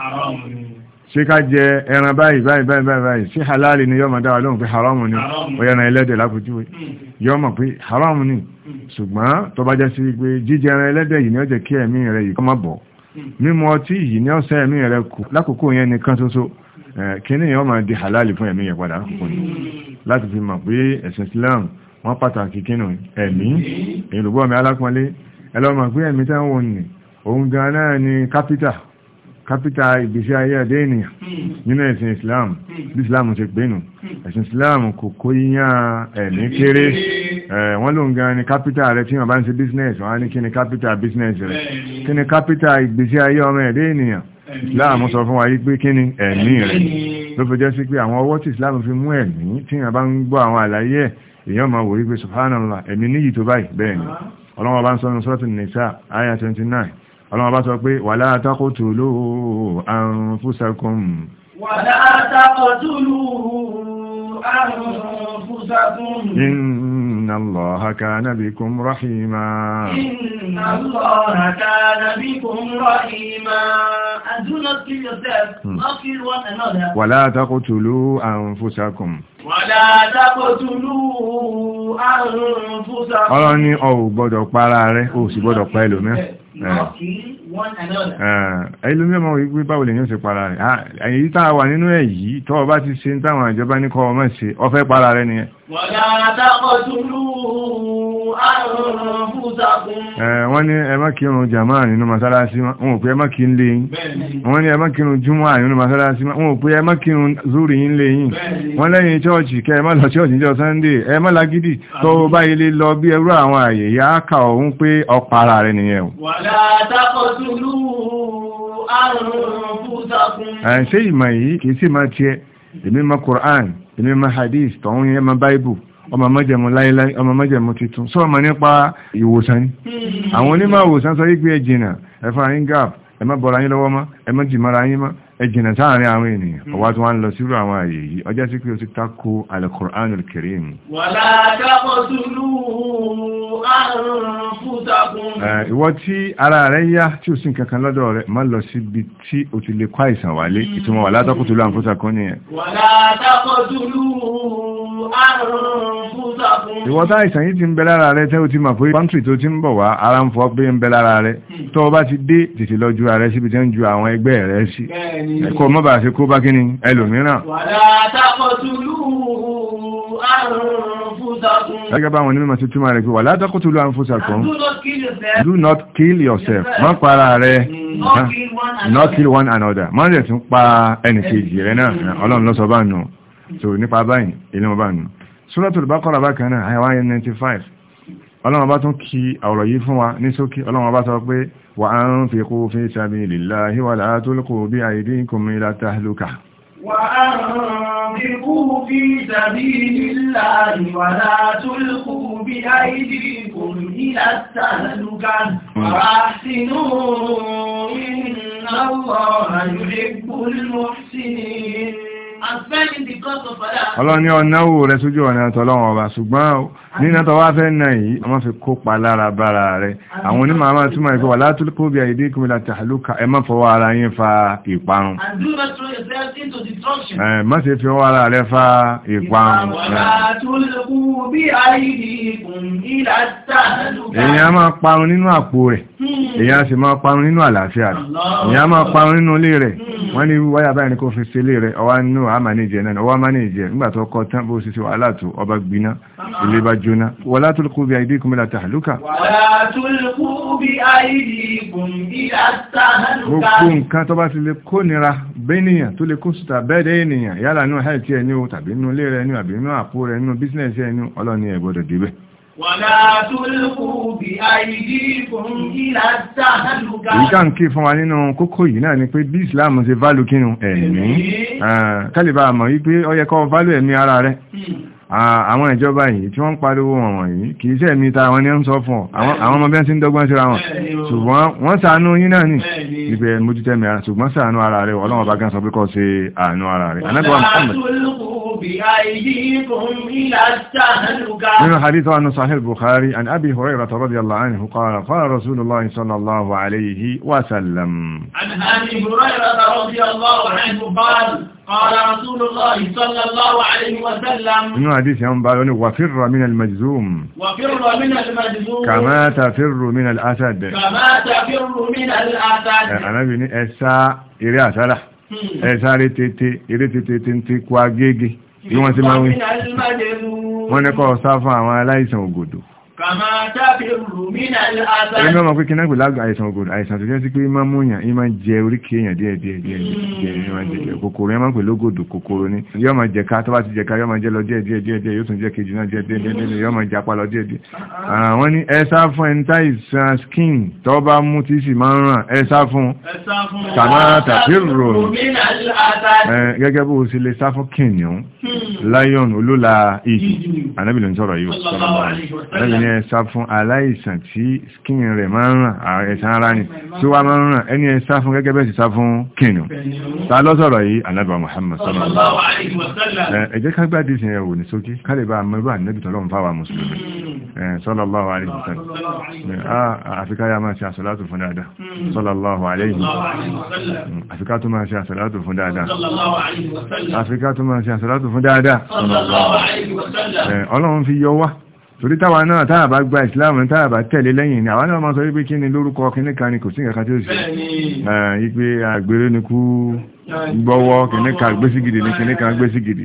ṣé ká jẹ ẹran báyìí báyìí báyìí báyìí ṣé halali ni yọmọdáwà lóhun pé haram ni ó yẹran ẹlẹ́dẹ̀ lápútúwé mm. yọmọ pé haram ni ṣùgbọ́n tó bá jẹ́ sí wípé jíjẹ ẹran ẹlẹ́dẹ̀ yìí ni ó jẹ́ kí ẹ̀mí rẹ̀ yìí kó má bọ̀ mímu ọtí yìí ni ó ṣe ẹ̀mí rẹ̀ kù lákòókò yẹn nìkan ṣoṣo kíní yẹn ó máa di halal fún ẹ̀mí yẹn padà lákòókò yìí láti fi mọ̀ pé ẹ̀sìn Islam wọ́n pàtàkì kínú ẹ̀mí èlùbọ́ mi alápọ̀nlé ẹlọ́mọ̀ pé ẹ̀mí tẹ́ ń òun gan náà ni kápítà Capital ìgbésí ayé ẹ̀dẹ́ ènìyàn nínú ẹ̀sìn islam bí islam ṣe pé nù ẹ̀sìn islam kò kó yíyàn ẹ̀mí kéré wọ́n ló ń gan ni capital rẹ̀ tí wọ́n bá ń ṣe business wọ́n á ní kí ni capital business rẹ̀ kí ni kápítà ìgbésí ayé ọmọ ẹ̀dẹ́ ènìyàn islam sọ fún wa yí pé kí ni ẹ̀mí rẹ̀ ló fi jẹ́ sí pé àwọn ọwọ́ tí islam fi mú ẹ̀mí tí wọ́n bá ń gbọ́ àwọn àlàyé èèyàn máa wò wípé subhanallah ẹ̀mí níyì tó báyìí bẹ́ẹ̀ ni ọlọ́wọ́ bá ń sọ sọ́tún nìsa ayah 29 ọlọ́wọ́ bá sọ pé wala taqtulu anfusakum wala inna Allaha kana bikum rahima inna Allaha kana bikum rahima and do not kill yourself hmm. not kill one another wala taqtulu anfusakum wala taqtulu anfusakum ọlọ́ ni o gbọ́dọ̀ para rẹ̀ o sì gbọ́dọ̀ pa ẹlòmíràn 嗯。ẹlòmí ọmọ wípé báwo lè ní ṣe para rẹ̀ èyí tàà wà nínú ẹ̀ yìí tọ́ ọba ti ṣe ń táwọn ìjọba ní kọ́ ọmọ ṣe ọfẹ́ para rẹ̀ nìyẹn wọ́n ní ẹ má kírun jàmáà nínú masalasi wọn ò pé ẹ má kí ń lè yìn wọ́n ní ẹ má kírun júmọ́ nínú masalasi wọn ò pé ẹ kírun zúrì yìn lè wọ́n lẹ́yìn chọ́ọ̀chì kẹ ẹ lọ chọ́ọ̀chì jọ sunday ẹ lágídì tó bá ilé lọ bí ẹrú àwọn àyè yá kà ọ̀hún pé ọ̀pá ara rẹ̀ nìyẹn taqtulu anfusakum. àìṣe ìmọ̀ yìí kìí sí máa tiẹ̀ èmi mọ̀ Qur'an èmi ma hadith tọ̀hún yẹn mọ̀ Bible ọmọ mọ́jẹ̀mú láíláí ọmọ mọ́jẹ̀mú titun sọ́ọ̀mọ nípa ìwòsàn ni hmm. àwọn onímọ̀ ìwòsàn sọ wípé ẹ jìnà ẹ̀fọ́ àyín gap ẹ má bọ́ra yín lọ́wọ́ mọ́ ẹ má jìmọ́ra yín mọ́ ẹ jìnà sáàrin àwọn ènìyàn hmm. ọwá tí wọ́n lọ sírò àwọn àyè yìí ọjọ́ sí pé o ti tako al-Qur'an al-Karim. wàlá ìwọ tí ara rẹ̀ yá tí ò sí nǹkankan lọ́dọ̀ rẹ̀ má lọ síbi tí o ti lè kó àìsàn wálé ìtumọ̀ wà látọ́kùtù lọ àǹfúsàkún ní ẹ̀ ìwọ tá àìsàn yìí ti ń bẹ lára rẹ̀ tẹ́ o ti mọ̀ pé kọ́ntì tó ti ń bọ̀ wá ara ń fọ́ pé ń bẹ lára rẹ̀ hmm. tó o bá ti dé tètè lọ ju ààrẹ síbi tẹ́ ń ju àwọn ẹgbẹ́ rẹ̀ sí ẹ̀kọ́ mọ́ bá ṣe kó bá kí ni ẹlòmíràn gẹ́gẹ́ bá wọn taqtulu anfusakum. Do not kill yourself. Má para rẹ̀. Do not kill one another. Má rẹ̀ tún pa ẹnì kejì rẹ̀ náà. Ọlọ́run ló sọ bá nù. So nípa báyìí, ilé wọn bá nù. Suratul Baqara bákan náà, àyà 195. Ọlọ́run bá tún kí ọ̀rọ̀ yìí fún wa ní sókè. Ọlọ́run bá sọ pé, wa anfiqu fi sabilillahi wa la tulqu bi aydikum ila وأنفقوا في سبيل الله ولا تلقوا بأيديكم إلى التهلكة وأحسنوا إن الله يحب المحسنين ọlọ́run ní ọ̀nà wò rẹ sójú ọ̀nà tọ́lọ́wọ̀n ọba ṣùgbọ́n nínú tọ́wọ́ fẹ́ náà yìí ọmọ fi kópa lára bára rẹ àwọn onímọ̀ àmà túnmọ̀ ìfẹ́ wà látúlùkó àìdí ìkúmìlà tàhálùkà ẹ má fọwọ́ ara yín fa ìparun má ṣe máa parun nínú àpò rẹ̀ èyàn hmm. sì máa parun nínú àlàáfíà rẹ̀ èyàn máa parun nínú ilé rẹ̀ wọ́n ní wáyà báyìí ní kó fi sí rẹ̀ ọwá nínú àmàníjẹ náà ọwá máníjẹ nígbàtọ́ kọ tán ọba gbiná ilé bá jóná gbogbo nǹkan tó bá ti lè kó nira bẹ́nìyàn tó lè kó sùtà ènìyàn yálà nínú ẹni tàbí nínú ilé rẹ̀ ẹni àbí nínú àpò ولا تلقوا بأيديكم إلى التهلكة èyí ká ń ké fún wa nínú kókó yìí náà ni pé bí islam ṣe válù kínú ẹ̀mí kálíbà mọ̀ wípé ó yẹ kó válù ẹ̀mí ara rẹ̀ hmm. àwọn ìjọba yìí tí wọ́n ń pariwo wọn wọ̀nyí kìí ṣe ẹ̀mí ta wọn ni ń sọ fún àwọn ọmọ bẹ́ẹ̀ sí ń dọ́gbọ́n síra wọn ṣùgbọ́n wọ́n ṣàánú yín náà nì ibẹ̀ mójútẹ́mi ara ṣùgbọ́n ṣàánú ara rẹ̀ ọlọ́wọ́n bá gán sọ pé kó ṣe àánú ara rẹ̀ بأيديكم إلى التهلكة من الحديث عن صحيح البخاري عن أبي هريرة رضي الله عنه قال قال رسول الله صلى الله عليه وسلم عن أبي هريرة رضي الله عنه قال قال رسول الله صلى الله عليه وسلم إنه حديث قال وفر من المجزوم وفر من المجزوم كما تفر من الأسد كما تفر من الأسد أنا بني إسا إلى أسلح إسا إري تيتي إري تيتي تنتي كواجيجي bí wọ́n ti máa wí wọ́n ní kọ́ sá fún àwọn aláìsàn ògòdò ẹni ọmọ pé kí náà pẹ̀lú àgbà àìsàn ògòdò àìsàn tó jẹ́ sí pé máa mú yàn ìmá jẹ oríkèé èèyàn díẹ̀ díẹ̀ díẹ̀ díẹ̀ máa jẹ kòkòrò yẹn máa pẹ̀lú ògòdò kòkòrò ni yọ́ máa jẹ ká tó bá ti jẹ ká yọ́ máa jẹ lọ díẹ̀ díẹ̀ díẹ̀ díẹ̀ yóò tún jẹ kejì náà díẹ̀ díẹ̀ díẹ̀ yọ́ máa jẹ apá lọ díẹ̀ díẹ̀ àwọn ní ẹsá fún ẹni tá ìsan skin tó bá mú tí sì máa ń ràn ẹsá fún tàmáta pírò gẹ́gẹ́ bó ṣe lè sá fún kìnìún lion olóla ìjì anábìlẹ̀ ń sọ̀rọ̀ yìí ẹ sá fún aláìsàn tí skin rẹ̀ máa ń ràn ẹ̀sán ara ni tí wá máa ń ràn ẹni ẹ sá fún gẹ́gẹ́ bẹ́ẹ̀ sì sá fún kìnnù ta lọ́sọ̀rọ̀ yìí anábà Muhammad sallallahu alaihi wasallam ẹ jẹ́ ká gbá dìsìn ẹ̀wò ní sókí kálíbà mẹ́bà nẹ́bì tọ́lọ́run fáwà mùsùlùmí sallallahu alaihi wasallam àfikà yà máa ṣe àsọ̀látù fún dáadáa sallallahu alaihi wasallam mm, àfikà tó máa ṣe àsọ̀látù fún dáadáa àfikà tó máa ṣe torí táwa náà táà bá gba ìsìláàmù táà bá tẹ̀lé lẹ́yìn ni àwọn náà máa sọ wípé kí ni lórúkọ kíníkan ni kò sí nǹkan tí ó sì ẹ̀ ìgbé àgbèrè ni kú ka kìíní kan gbésígidi ní kìíní kan gbésígidi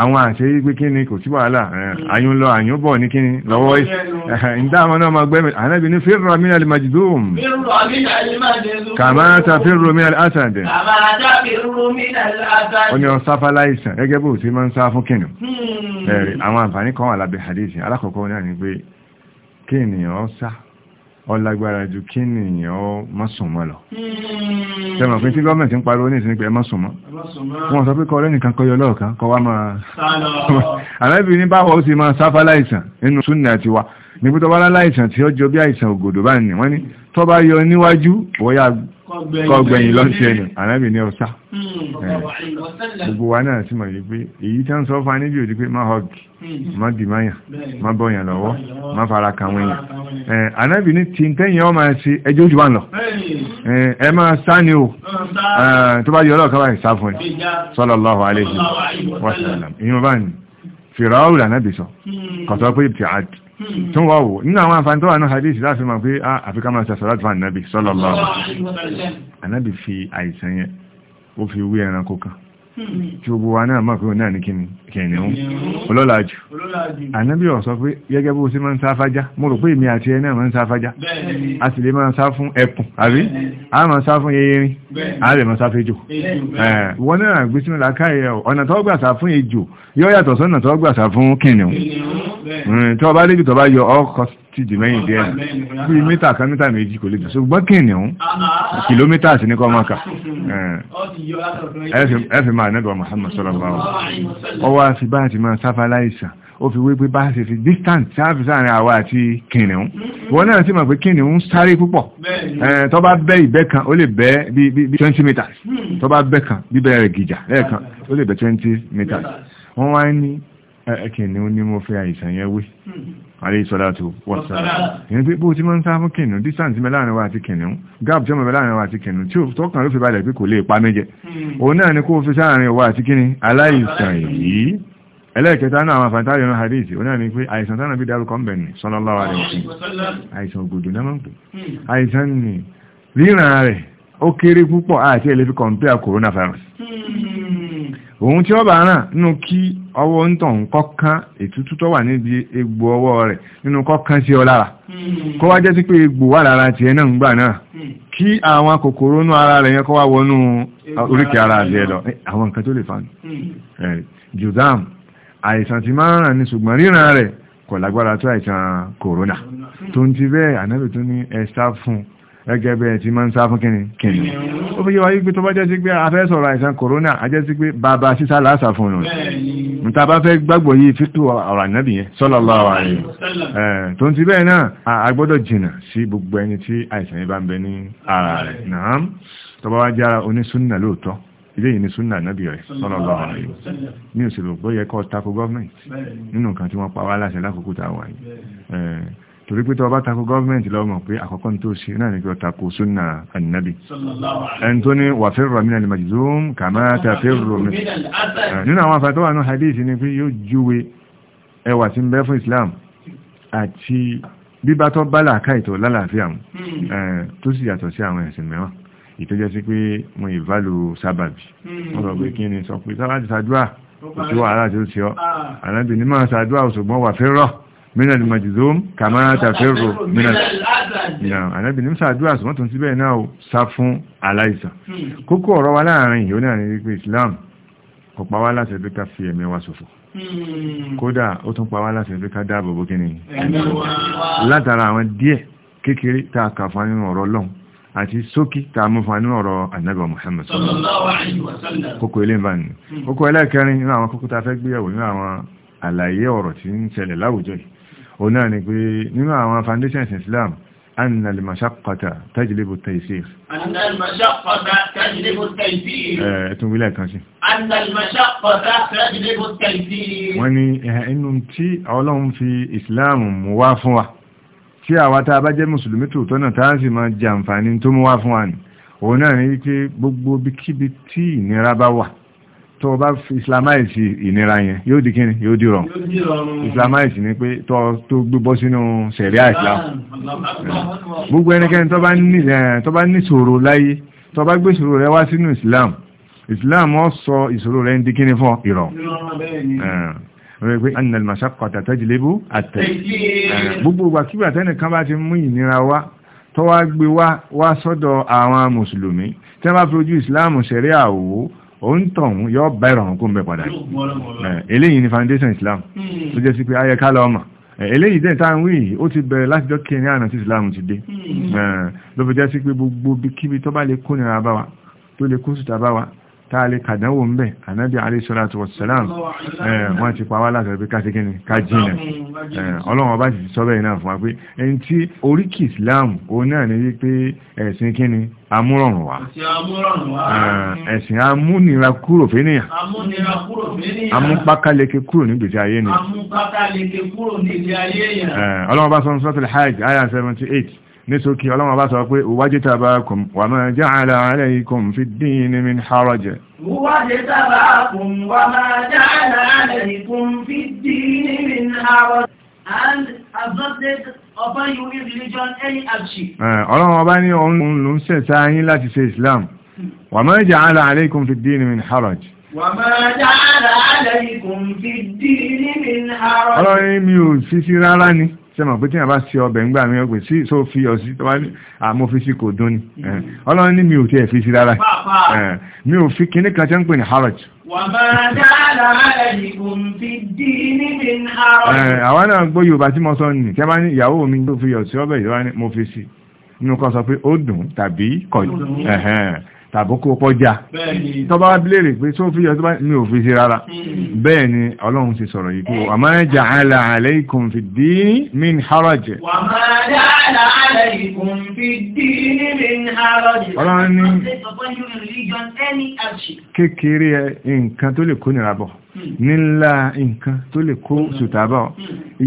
àwọn àṣẹ pé kí kò sí wàhálà àyún lọ àyún bọ̀ ní kí ni lọ́wọ́ náà ma gbẹ́mẹ̀ ànábi ní fírra min al-majdum kàmáta fírra min al-asad ó ní láìsàn gẹ́gẹ́ bó ti máa ń sá fún hmm. àwọn àǹfààní kan wà lábẹ́ alákọ̀ọ́kọ́ pé sá ọlágbára ju kí nìyàn ọ mọ́sùnmọ́ lọ. tẹ́mọ̀ hmm. pín tí gọ́ọ̀mẹ̀ntì ń pariwo ní ìsinmi pé ẹ mọ́sùnmọ́ wọ́n sọ pé kọ́ lẹ́nìkan kọ́ yọlọ́ kan kọ́ wá máa aláìbí [laughs] ní báwọ̀ ó sì máa sáfá láìsàn nínú súnà àti wa nígbé tó bá láìsàn tí ó jọ bí àìsàn ògòdó bá ní wọ́n ní tó bá yọ níwájú wọ́yá kọgbẹ̀yìn lọ́sẹ̀ ẹ̀nà alábì ní ọ̀sá gbogbo wa náà sí mọ̀ yí pé èyí tán sọ fún aníbi òdí pé má họ́gì hmm. má dìmáyà má bọ́yàn lọ́wọ́ má fara kàwọn èèyàn anábì ní tí tẹ́yìn ọmọ ẹ̀sí ẹjọ́ òjò wà ń lọ eh, ẹ máa sá ni o eh, tó bá yọ ọlọ́ọ̀ká báyìí sá fún ẹ sallallahu alaihi wasallam Hmm. tún wá wò nínú àwọn àǹfààní tó hadith láti mọ̀ pé ah, àfikà máa sàṣọ́ láti fà nàbì sallallahu ànábì fi àìsàn yẹn ó fi wé ẹranko kan hmm. tí gbogbo wa náà mọ̀ pé ó náà ní kíni kìnìún olólàjù ànábì ó sọ pé gẹ́gẹ́ bó sí máa ń sá fájá mo rò pé èmi àti ẹni àmọ́ ń sá fájá a sì lè máa sá fún ẹkùn àbí a máa sá fún erin a lè máa sá fún ejò wọ́n náà gbé sínú làákàyè ọ̀nà tó gbà sá fún ejò yóò máa nẹ́bọ̀ Muhammad sọ́lọ́bà ọ wá fi bá ti máa sáfà láìsàn ó fi wípé bá ṣe fi distance sáàfi sáàrin àwa àti kìnìún mm-hmm. wọ́n náà sì mọ̀ pé kìnìún sáré púpọ̀ tó bá bẹ́ ìbẹ́ kan ó lè bẹ́ bí 20 meters hmm. tó bá bẹ́ kan bíbẹ̀ rẹ̀ gìjà lẹ́ẹ̀kan ó lè bẹ́ 20 meters wọ́n wá ní kìnìún ni mo fi àìsàn yẹn wé alayhi salatu wassalam yẹn pé bó ti máa ń sá fún kìnnìún distance mẹ́ láàrin wa àti kìnnìún gap jẹ́ mẹ́ láàrin wa àti kìnnìún tí ó tọ́kàn ló fi balẹ̀ pé kò lè pa méjẹ hmm. òun náà ni kó fi sáàrin wa àti kìnnì aláìsàn yìí ẹlẹ́ẹ̀kẹta náà àwọn àfàntà yọ̀nà hadith òun náà ni pé àìsàn tánà bí dárúkọ ń bẹ̀ni sallallahu alaihi wasallam àìsàn ògòdò náà máa ń pè hmm. àìsàn ni ríran rẹ̀ ó kéré púpọ̀ àti ẹlẹ́fi kọ̀ǹpẹ́ coronavirus hmm òun tí ó bá ràn nínú kí ọwọ́ ń tàn kọ́kán ètútú tó wà níbi egbò ọwọ́ rẹ̀ nínú kọ́kán sí ọ lára hmm. kó wá jẹ́ sí pé egbò wà lára tiẹ̀ náà ńgbà náà hmm. kí àwọn kòkòrò nú ara rẹ̀ yẹn kó wá wọnú oríkèé ara rẹ̀ lọ eh, àwọn nǹkan tó lè fa nù hmm. eh, jùdáàmù àìsàn ti máa ń ràn ní ṣùgbọ́n ríran rẹ̀ kò lágbára tó àìsàn kòrónà tó ń ti bẹ́ẹ̀ ànábì gẹ́gẹ́ bẹ́ẹ̀ tí máa ń sá fún kíni kíni ó fi yẹ wáyé pé tó bá jẹ́ sí pé afẹ́ sọ̀rọ̀ àìsàn kòrónà ajẹ́ sí pé bàbá sísá làásà fún un níta bá fẹ́ gbàgbọ́ yìí fító ọ̀rọ̀ ànábì yẹn sallallahu alaihi tó ń ti bẹ́ẹ̀ náà a gbọ́dọ̀ jìnà sí gbogbo ẹni ni súnà náàbì rẹ̀ sallallahu alaihi wasallam ní torí pé tó bá tako gọ́ọ̀mẹ́ntì lọ́mọ̀ pé àkọ́kọ́ tó ṣe náà ní kí ó tako súnà annabi ẹn tó ní wà fẹ́rọ mínà lè majizum kàmá ta fẹ́rọ mínà nínú àwọn afẹ́ ni pé yóò júwe ẹwà tí islam àti bíbá tó bá làákà ìtọ̀ lálàáfíà mu hmm. tó sì yàtọ̀ sí àwọn ẹ̀sìn mẹ́wàá ìtọ́jẹ́ sí pé wọn ìválò sábàbì hmm. wọ́n sọ pé kí ni sọ pé sábàbì ó ti ọ́ ah. àlábì máa sàdúà òṣùgbọ́n wà fẹ́rọ̀ min al-majzum kama tafirru min al-azab ànábì ní sàdúrà sọ́mọ́ tó ń síbẹ̀ náà na sá fún aláìsàn kókó ọ̀rọ̀ wa láàrin yìí ó náà ní Islam kò pa wá láṣẹ pé ká fi ẹ̀mí wa ṣòfò kódà ó tún pa wá láṣẹ pé ká dáàbò bó kíni látara àwọn díẹ̀ kékeré tá a kà fún nínú ọ̀rọ̀ Ọlọ́run àti sókí tá a mú fún nínú ọ̀rọ̀ Ànábì Muhammad Koko ilé ìbá nínú kókó ẹlẹ́kẹrin nínú àwọn kókó tá a fẹ́ gbéyàwó nínú àwọn àlàyé ọ̀rọ̀ tí ń ṣẹlẹ̀ láwùjọ yìí òun náà ni pé nínú àwọn foundations Islam أن المشقة تجلب التيسير أن المشقة تجلب التيسير أتم بلا كانسي أن المشقة تجلب التيسير wani ẹnu tí ọlọ́run fi Islam mú wá fún wa tí àwa tá bá jẹ́ mùsùlùmí tòótọ́ náà tá sì máa jàǹfààní tó mú wá fún wa ní òun náà ní gbogbo bíkíbi tí ìnira bá wà tó bá islamize ìnira yẹn yóò di kíni yóò di rọrùn islamize ni pé tó tó gbébọ́ sínú sẹ̀ríà islam gbogbo ẹnikẹ́ni tó bá ní ṣòro láyé tó bá gbé ṣòro rẹ wá sínú islam islam ó sọ ìṣòro rẹ ń di kíni fún ìrọ̀ rẹ̀ pé annal mashaqqata tajlibu àtẹ̀ gbogbo ìgbàkígbà tẹ́nìkan bá ti mú ìnira wá tó wá gbé wá sọ́dọ̀ àwọn mùsùlùmí tẹ́ bá fi ojú islam sẹ̀ríà wò òun tọ̀hún yọ bá ìrọ̀rùn kó ń bẹ padà eléyìí ni foundation Islam tó hmm. jẹ́ sí pé ayẹ ká lọ́ọ̀mà eléyìí dẹ̀ táwọn wí ó ti bẹ̀rẹ̀ láti jọ́ kẹrin àná tí Islam ti dé hmm. ló fi jẹ́ sí pé gbogbo kíbi tó bá lè kó nira bá wa tó lè kó sùtà bá wa tààlé kàdánwò ń bẹ̀ ànábì aléṣọ́láàtù wọ̀sẹ̀lám wọ́n ti pàwà láti ẹ̀bí kásíkíní kájínà ọlọ́run ọba ti sọ bẹ́ẹ̀ náà fún wa pé ẹni tí oríkì islam o náà ní wípé ẹ̀sìn kíni amúrọ̀rùn wa ẹ̀sìn amúnira kúrò fẹ́nìyàn amúpákáleke kúrò ní gbèsè ayé ni ọlọ́run ọba sọ ní sọ́tìlì hajj ayah 78 nísòkí ọlọ́wọ́ bá sọ pé wájí tàbákùn wà máa ja'ala alaykum fi ddini min haraj wájí tàbákùn wà máa ja'ala alaykum fi ddini min haraj eh, ọlọ́wọ́ bá ní ọ̀run ló ń sẹ̀ta yín láti ṣe Islam wà máa ja'ala alaykum fi ddini min haraj ọlọ́rin mi ò sí sí rárá ni sẹ́mọ̀ pé tí a bá ṣe ọbẹ̀ ń gbà mí ọgbẹ̀ sí so fi ọ̀sí tó wá ní àmófísí kò dún ni ọlọ́run ní mi ò tiẹ̀ fi sí rárá mi ò fi kíní kan tẹ́ ń pè ní harrod àwọn náà gbọ́ yorùbá tí mo sọ nì tẹ́ bá ní ìyàwó mi tó fi ọ̀sí ọbẹ̀ ìjọba mo fi sí inú kan sọ pé ó dùn tàbí kọ̀lù tàbókó pọ́já tọba abílèrè pé tó fi yọtọ́bá ní òfin sí rárá bẹ́ẹ̀ ni ọlọ́run ti sọ̀rọ̀ yìí kó wa ma ja'ala alaykum fi ddini min haraj wa ma ja'ala alaykum fi ddini min haraj kékeré nǹkan tó lè kó nìra bọ̀ nílá nǹkan tó lè kó ṣùtàbà hmm. ọ̀ hmm.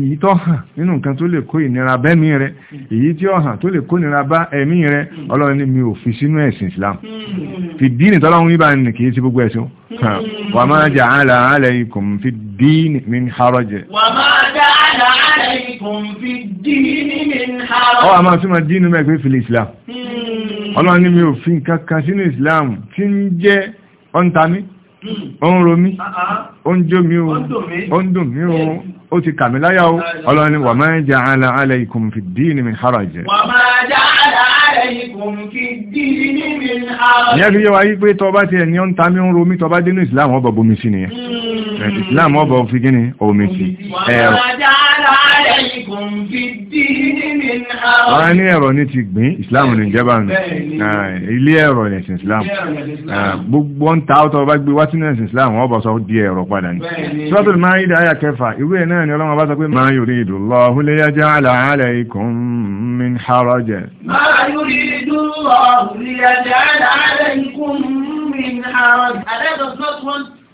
èyí tó hàn nínú nǹkan tó lè kó ìnira bẹ́mí rẹ hmm. èyí tí ó hàn tó lè kó ìnira bá ẹ̀mí rẹ ọlọ́run ní mi ò fi sínú ẹ̀sìn Islam fi díìnì tọ́lọ́run ní bá ní kìí sí gbogbo ẹ̀sìn wà máa jà àlà alaykum fi díìnì min haraj wà máa jà àlà min haraj ọ̀ àmà túnmọ̀ díìnì mẹ́gbẹ́ fi Islam ọlọ́run ní mi ò fi nǹkan kan sínú Islam tí ń jẹ́ ọ̀ntami ó ń ro mí ah, ah. ó ń jó mi o ó ń dùn mí o ó ti kà mí láyà o ọlọ́ni wà máa jẹ́ àlà alaykum fi dini min haraj ní ẹbí yẹ́ wa yí pé tọba ti ẹni ọ́n ta mí ń ro mí tọba dínú ìsìláàmù ọbọ̀ bomi sí nìyẹn a ní ẹ̀rọ ní ti gbìn ìsìláàmù ní ìjẹba nù ah, ilé ẹ̀rọ ẹ̀sìn ìsìláàmù ah, gbogbo ń ta ọ́tọ́ bá gbé wá sínú ẹ̀sìn ìsìláàmù wọ́n bọ̀ sọ di ẹ̀rọ padà ní suratul Maida àyà kẹfà ìwé ẹ̀ náà ni ọlọ́run bá sọ pé ma yuridullahu liyaj'ala alaykum min haraj ma yuridullahu liyaj'ala alaykum min haraj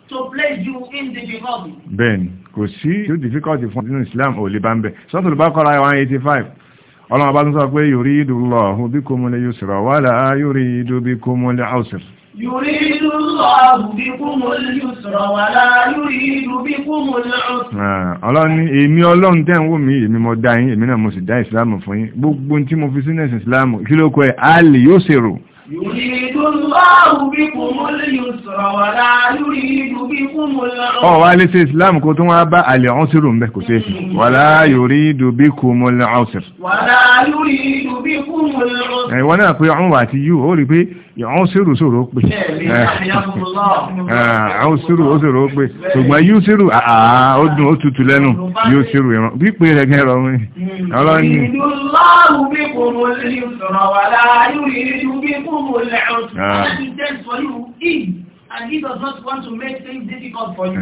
to place you in the difficulty. Ben, kò sí tí ó difficulty fún nínú Islam ò lè bá ń bẹ̀ sọ́tò lè bá kọ́ra 185 ọlọ́run bá tún sọ pé yuridullahu bikumul yusra wala yuridu bikumul usra yuridullahu bikumul yusra wala yuridu bikumul usra ah, ọlọ́run ní èmi ọlọ́run tẹ́ ń wò mí èmi mo dá yín èmi náà mo sì dá ìsìlámù fún yín gbogbo tí mo fi sínú ìsìlámù kí Ọ̀ wá lé sí Islam kó tún wá bá àlè ọ́sìrò mẹ́ kò sí. Wàlá yuridu bikumul ọ́sìr. Wàlá yuridu bikumul ọ́sìr. Ẹ̀wọ́n náà pé ọ̀hún wà ti yú, ó rí pé àwọn sírù pé àwọn sírù pé ṣùgbọ́n yíò sírù àà ó tutù lẹ́nu yíò sírù ìran pípé rẹ̀ gẹ́rọ mi ọlọ́ni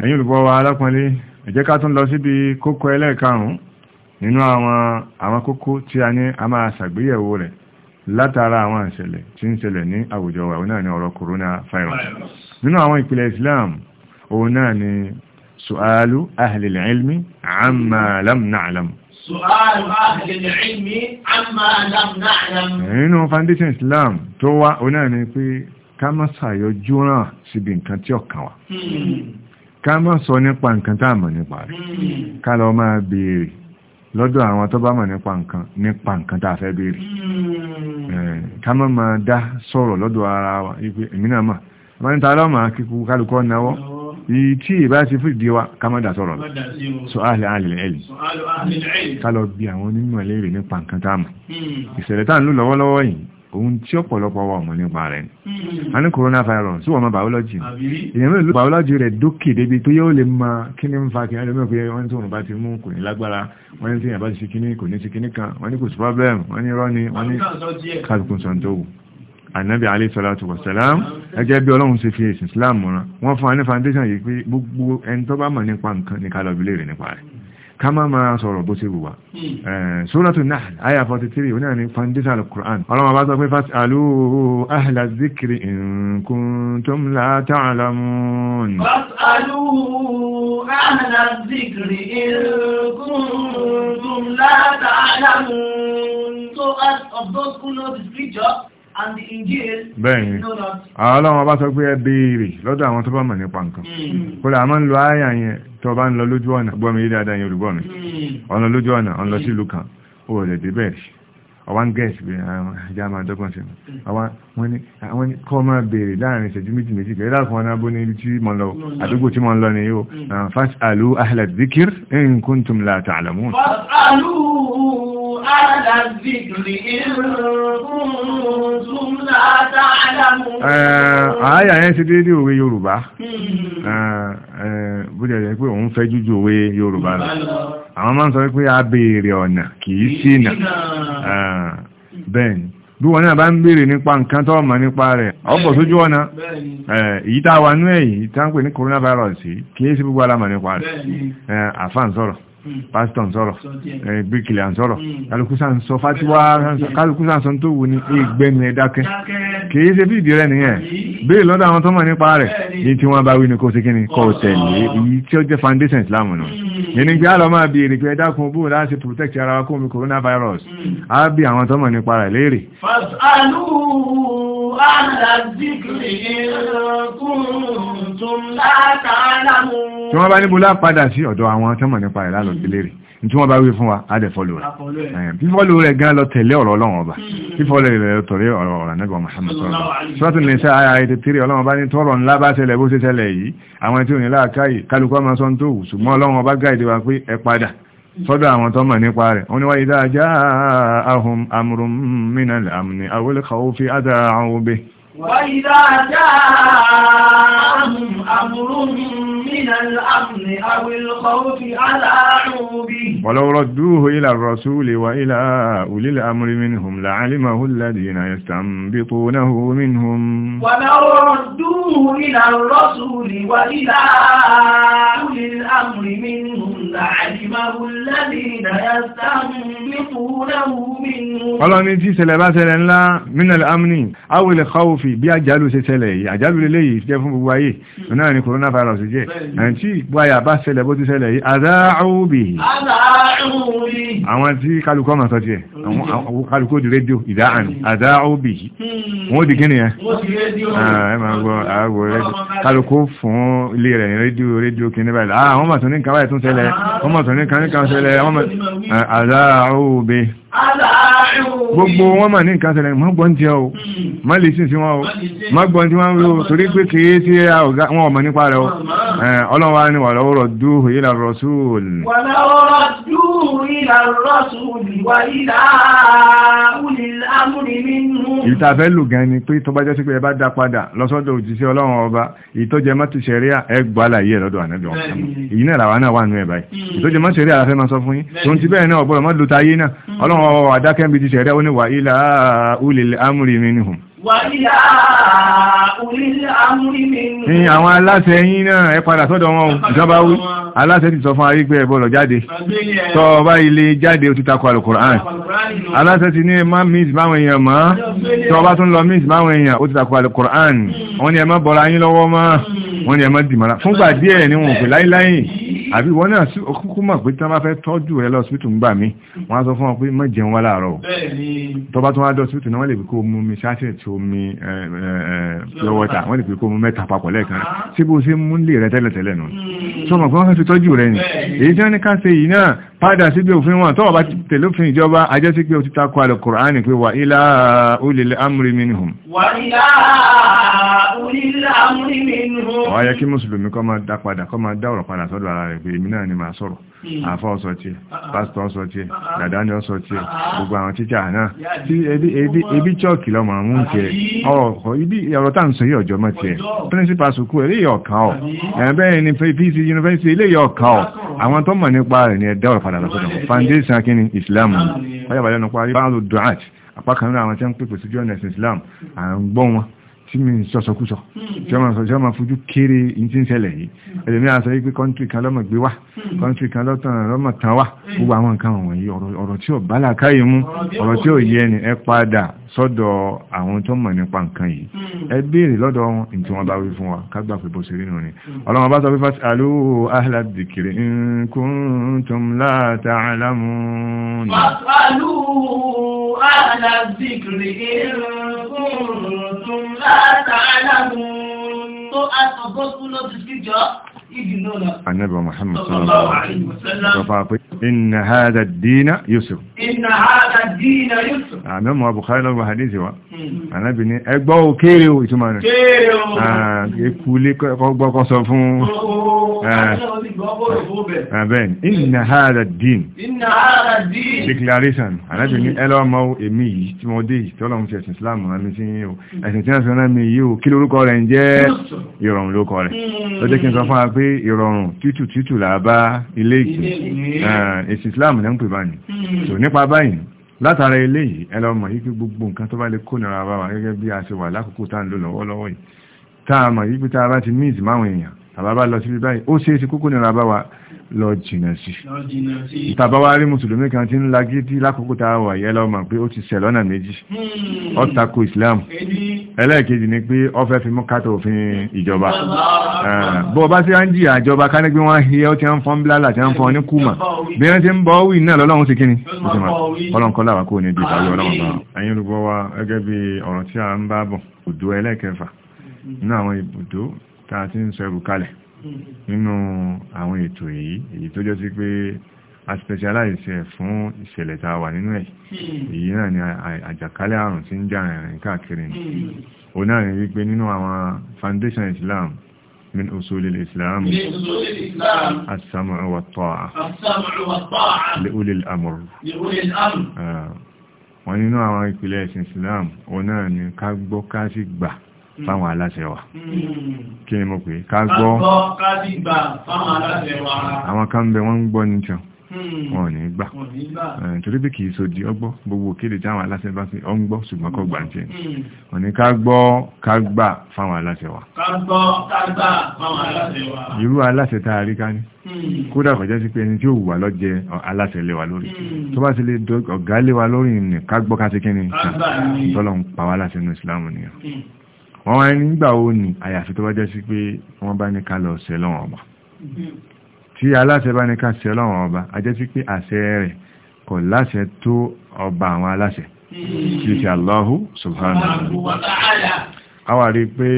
ẹ̀yìn olùgbọ́ wa alápọ̀nlé ẹ jẹ́ ká tún lọ síbi kókó ẹlẹ́ẹ̀karùn-ún nínú àwọn kókó tí a ní a máa ṣàgbéyẹ̀wò rẹ̀ látara àwọn ìṣẹ̀lẹ̀ tí ń ṣẹlẹ̀ ní àwùjọ wa òun náà ni ọ̀rọ̀ coronavirus nínú àwọn ìpìlẹ̀ Islam òun náà ni su'alu ahlil ilmi amma lam na'lam Su'alu ahlil ilmi amma lam na'lam nínú foundation Islam tó wá òun náà ni pé ká má sàyọ júràn síbi nǹkan tí ọ̀kan wa hmm. ká má sọ nípa nǹkan tá nípa rẹ̀ hmm. ká lọ máa béèrè lọ́dọ̀ àwọn tó bá mọ̀ nípa nǹkan nípa nǹkan tá a fẹ́ béèrè hmm. eh, ká mọ́ ma, dá sọ̀rọ̀ lọ́dọ̀ ara wa ipe èmi náà mà wọ́n ní ta lọ́mà kíkú kálukọ́ náwọ́ yìí tí ìbá ti fún ìdíwá ká mọ́ dá sọ̀rọ̀ lọ sọ àlẹ́ àlẹ́ ẹ̀lì ká lọ bí àwọn onímọ̀ léèrè nípa nǹkan tá mọ̀ hmm. ìṣẹ̀lẹ̀ tá à ń lò lọ́wọ́lọ́wọ́ yìí ohun tí ọ̀pọ̀lọpọ̀ wà mọ̀ nípa rẹ̀ hmm. a ní coronavirus tí wọ́n mọ̀ biology èyàn mẹ́lú biology rẹ̀ dókè débi tó yóò lè ma kí ní ń fa kí ní ọdún mẹ́kọ̀ọ́ wọ́n tí wọ́n bá ti mú kò ní lágbára wọ́n ní tí yàbá ti ṣe kíní kò ní ṣe kíní kan wọ́n ní kò sí problem wọ́n ní rọ́ ni wọ́n ní kàbùkù sọ̀ǹtòwù ànábì alẹ́ sọ́látù wọ̀sẹ̀lám ẹgẹ́ bí ọlọ́run ṣe fi èsì islam mọ́ra wọ́n fún wa ní foundation yìí pé gbogbo ẹni tó bá mọ̀ nípa nǹkan ní kálọ̀bílẹ̀ rẹ̀ nípa rẹ̀ kama ma sọ̀rọ̀ bó ṣe wùwà. Hmm. Sūratu Nahl àyà 43 oní àní Fandisa al-Qur'an. Ọlọ́mọ bá sọ pé fas'alū ahla dhikri in kuntum lā ta'lamūn. Fas'alū ahla So as of those who know the scripture, and the Injil bẹ́ẹ̀ni ọlọ́run ọba sọ pé ẹ béèrè lọ́dọ̀ àwọn tó bá mọ̀ nípa nǹkan hmm. kó tó bá ń lọ lójú ọ̀nà gbọ́mi yé dáadáa yẹn olùgbọ́ mi hmm. ọ̀nà lójú ọ̀nà ọ̀nà hmm. sí ìlú kan ó lè dé bẹ́ẹ̀ ọwá ń gẹ̀ẹ́sì bí ajá máa dọ́gbọ̀n sí hmm. àwọn kọ́ máa bèèrè láàrin ìṣẹ́jú méjì méjì bẹ̀rẹ̀ على yẹn ti dédé òwe Yorùbá hmm. bó jẹ́ jẹ́ pé òun fẹ́ jújú òwe Yorùbá lọ àwọn máa ń sọ pé a béèrè ọ̀nà kìí ṣìnà bẹ́ẹ̀ni bí wọn náà bá ń béèrè nípa nǹkan tó mọ̀ nípa rẹ̀ ọ̀pọ̀ sójú ọ̀nà èyí tá a wà nú ẹ̀yìn tá ń pè ní coronavirus kìí sí gbogbo alámọ̀ nípa rẹ̀ àfáà ń sọ̀rọ̀ pásítọ̀ ń sọ̀rọ̀ bíríkìlà ń sọ̀rọ̀ kálukúsà ń sọ fátíwá kálukúsà mm. ń sọ tó wù ní ìgbẹ́nu ẹ̀dákẹ́ kìí ṣe bí ìdí rẹ̀ nìyẹn bẹ́ẹ̀ lọ́dọ̀ àwọn tó mọ̀ nípa rẹ̀ ní tí wọ́n bá wí ní kó ṣe kí ni kó tẹ̀lé èyí tí ó jẹ́ foundation Islam nù mm. yẹni gbé àlọ́ máa bi èrè pé ẹ̀dákun bóun láti protect ara wa kó omi coronavirus á mm. bí àwọn tó mọ̀ nípa rẹ̀ léèrè. fasalu ala zikri kuntum la ta'lamun tí wọ́n bá níbo lá padà sí ọ̀dọ̀ àwọn tọ́mọ̀ nípa ẹ̀ lálọ́ mm-hmm. sí léèrè tí wọ́n bá wí fún wa á dẹ̀ fọ́lù rẹ̀ fífọ́lù rẹ̀ gan lọ tẹ̀lé ọ̀rọ̀ ọlọ́run ọba mm-hmm. fífọ́lù rẹ̀ lọ ọ̀rọ̀ ọ̀rọ̀ nẹ́gbọ̀n Muhammad sọ́tún وإذا جاءهم أمر من الأمن أو الخوف على عوبه ولو ردوه إلى الرسول وإلى أولي الأمر منهم لعلمه الذين يستنبطونه منهم ولو ردوه إلى الرسول وإلى أولي الأمر منهم لعلمه الذين يستنبطونه منهم ولو أن تيسل باسل من الأمن أو الخوف fi bí àjálù ṣe ṣẹlẹ̀ yìí àjálù lélẹ̀ yìí jẹ́ fún gbogbo ayé náà ni coronavirus jẹ́ àti ìpáyà bá ṣẹlẹ̀ bó ti ṣẹlẹ̀ yìí adáàrùbì àwọn tí kálukọ́ ma sọ tiẹ̀ kálukọ́ di rédíò ìdáhàn adáàrùbì hmm. wọ́n di kí nìyẹn kálukọ́ fún ilé rẹ̀ ní rédíò rédíò kí ah, ní báyìí àwọn ah. màtún ní kan báyìí tún ṣẹlẹ̀ àwọn màtún ní kan ní kan ṣẹlẹ̀ àwọn gbogbo wọn mà ní nǹkan ṣẹlẹ̀ mọ́ gbọ́n jẹ́ o hmm. má lè sìn sí wọn o má gbọ́n tí wọ́n rí o torí pé kìí sí wọn ọmọ nípa rẹ̀ o hmm. ọlọ́wà ni wà lọ́wọ́ rọ̀dú ìlà rọ̀súùl ìtàfẹ́ lù gan ni pé tó bá jẹ́ sí pé ẹ bá dá padà lọ́sọ́dọ̀ òjíṣẹ́ ọlọ́run ọba ìtọ́jẹ má ti ṣẹ̀ríà ẹ gbà láyé lọ́dọ̀ ànábì wọn ìyí náà làwọn wà nú ẹ̀ báyìí hmm. la fẹ́ máa sọ fún yín tó ń ti bẹ́ẹ̀ ọwọ́ àdákẹ́ bí ti ṣẹ̀rẹ́ oníwà ilá ulil amri minhum wà ilá ulil amri minhum ní àwọn aláṣẹ yín náà ẹ padà sọ́dọ̀ wọn ìjọba wí aláṣẹ ti sọ fún ayé pé ẹ bọ́lọ̀ jáde tọ́ ọba ilé jáde ó ti takọ alukur'an aláṣẹ ti ní ẹmá mìís máwọn èèyàn mọ́ tọ́ ọba tún lọ mìís máwọn èèyàn ó ti takọ alukur'an hmm. wọ́n hmm. ni wọn kò láíláyìn àbí wọ́n náà sí okúnkú mọ̀ pé tán bá fẹ́ tọ́jú ẹ lọ sípítù ń gbà mí wọ́n á sọ fún ọ pé mọ́ jẹun wá láàárọ̀ tó bá tún wá dọ̀ náà wọ́n lè pè kó mú mi ṣáṣẹ̀ tí ó mi pure water wọ́n lè pè kó mú mẹ́ta papọ̀ lẹ́ẹ̀kan sí bó ṣe mú lè rẹ tẹ́lẹ̀tẹ́lẹ̀ nù sọ hmm. mọ̀ pé wọ́n fẹ́ fi tọ́jú rẹ ni èyí tí wọ́n ní ká ṣe yìí náà padà síbi òfin wọn tọ́wọ́ bá tẹ̀lé òfin ìjọba ajẹ́ sí pé qurani pé wà ilá ulil minhum. wà ilá ulil minhum. ó yẹ kí mùsùlùmí kó máa dá padà kó máa dá ọ̀rọ̀ padà sọ́dọ̀ ara rẹ̀ báyìí pé èmi náà ni màá sọ̀rọ̀ àfọ́ ọ̀sọ̀ tí ẹ̀ pásítọ̀ ọ̀sọ̀ tí ah, ẹ̀ ah. dàdáni ọ̀sọ̀ tí ẹ̀ ah, gbogbo àwọn tíjà náà tí ebi chọ́ọ̀kì lọ́mọ àwọn tí ẹ̀ ọ̀kọ̀ ibi ọ̀rọ̀ tá à ń sọ yìí ọ̀jọ́ mọ́ tí ẹ̀ píríncípà sùkú ẹ̀ léyìí ọ̀kan ọ̀ bẹ́ẹ̀ ni pc yunifásitì léyìí ọ̀kan ọ̀ àwọn tó mọ̀ nípa rẹ̀ ni ẹ̀dá ọ̀rọ̀ padà lọ́sọ̀dọ̀ foundation Islam ni wáyà bàjẹ́ nípa rí báwọn duat apá kan náà àwọn tí wọ́n pèpè síjú ọ̀nà ẹ̀sìn Islam à ń tí mi sọ́sọ́kúsọ́ hmm. tí wọ́n fojú kéré ìtí ń ṣẹlẹ̀ yìí hmm. ẹ̀lẹ̀mí àṣọ wípé kọ́ntì kan lọ́mọ̀ gbé wá kọ́ntì hmm. kan lọ́mọ̀ tán wá gbogbo àwọn nǹkan wọ̀nyí ọ̀rọ̀ tí ò bá làákàyè mú ọ̀rọ̀ tí ò yẹ ni ẹ padà sọ́dọ̀ àwọn tó mọ̀ nípa nǹkan yìí ẹ béèrè lọ́dọ̀ wọn ní tí in kuntum la ta'lamun. لا تعلمون سؤال فقط كله تسجيل Ànábì Muhammad sallallahu alaihi wasallam sọ fà pé inna hadha ad-dina yusr. Inna hadha ad-dina yusr. Àmì ah, ọmọ Bukhari lọ́gbà hadithi wa. Hmm. Ànábì ní ẹgbọ́ o kéré o ìtumọ̀ rẹ̀. Kéré o. Ekú ah, lé kọ́gbọ́kọ́ sọ fún. Oh, oh, oh. ah. Bẹ́ẹ̀ni, inna hadha ad-din. Inna hadha ad-din. Declaration. Ànábì ní hmm. ẹlọ́ ọmọ èmi yìí tí mo dé yìí tọ́lọ́mù ti ẹ̀sìn Islam rán mi sí yìí o. Hmm. Ẹ̀sìn tí wọ́n fi rán mi yìí o kí lórúkọ rẹ̀ ń jẹ́ ìrọ̀rùn lórúkọ rẹ̀. Ó jẹ́ kí n sọ fún wa pé pé ìrọ̀rùn títù títù làbá ilé ìgbé èsì islam ní ń pè báyìí hmm. so nípa báyìí látara ilé yìí ẹlọ́mọ̀ yí pé gbogbo nǹkan tó bá lè kó nira bá wa gẹ́gẹ́ bí a ṣe wà lákòókò tá ń lò lọ́wọ́lọ́wọ́ yìí tá a mọ̀ yí a bá ti meet máwọn èèyàn tàbá bá lọ síbi báyìí ó ṣeé ṣe kókó nira bá wa lọ jìnà sí ìtàbáwá rí mùsùlùmí kan tí ń lagídí lákòókò tá a wà yẹ́ lọ́mọ̀ pé ó ti sẹ̀ lọ́nà méjì hmm. ó islam ẹlẹ́ẹ̀kejì ni pé ó fẹ́ fi mú kátó òfin ìjọba bó bá sí áńjì àjọba ká ní pé wọ́n hìyẹ́ ó ti ń fọ́n bílálà ti ń fọ́n ní kùmà bí wọ́n ti ń bọ́ wì náà lọ́lọ́run sí kíni ọlọ́nkọ́lá wà kó ní ibi ìbáwí ọlọ́run ẹ̀yin olùgbọ́ wa gẹ́gẹ́ bí ọ̀rọ̀ tí a ń bá bọ̀ òdó ẹlẹ́ẹ̀kẹfà nínú àwọn ibùdó tá a ti ń sọ ẹrù kalẹ̀ nínú àwọn ètò yìí èyí tó jẹ́ sí pé a specialize ẹ̀ fún ìṣẹ̀lẹ̀ tá a wà nínú ẹ̀ hmm. èyí náà ni àjàkálẹ̀ àrùn tí ń jà rìnrìn káàkiri ni ó hmm. náà ni wípé nínú àwọn foundation Islam من أصول الإسلام من أصول الإسلام السمع والطاعة السمع والطاعة لأولي الأمر لأولي الأمر آه. وننوع ويكلية الإسلام ونان كاكبو كاسي Mm. fáwọn aláṣẹ wa mm. kí ni mo pè ká gbọ́ àwọn kan bẹ wọ́n ń gbọ́ ní tíọ́ mm. wọn ò ní gbà torí bí kìí sódi ọgbọ́ gbogbo kéde tí àwọn aláṣẹ bá fi ọ ń gbọ́ ṣùgbọ́n kọ́ gbà ń tẹ́ wọn ni ká gbọ́ ká gbà fáwọn aláṣẹ wa irú aláṣẹ tá a rí ká ní kódà kọjá sí pé ẹni tí ó wà lọ́jẹ aláṣẹ lé wa lórí tó bá sì lè ọ̀gá lé wa lórí ní ká gbọ́ ká sí kí ni tọ́lọ́ ń pa wá láṣẹ nínú ìsìlámù nìyàn wọ́n wá nígbà ó ní àyàfi tó bá jẹ́ sí pé wọ́n bá ní ká lọ ṣẹ lọ́wọ́n ọba tí aláṣẹ bá ní ká ṣẹ lọ́wọ́n ọba a jẹ́ sí pé àṣẹ rẹ̀ kò láṣẹ tó ọba àwọn aláṣẹ kì í ṣe Allahu subhanahu wa ta'ala a wà rí pé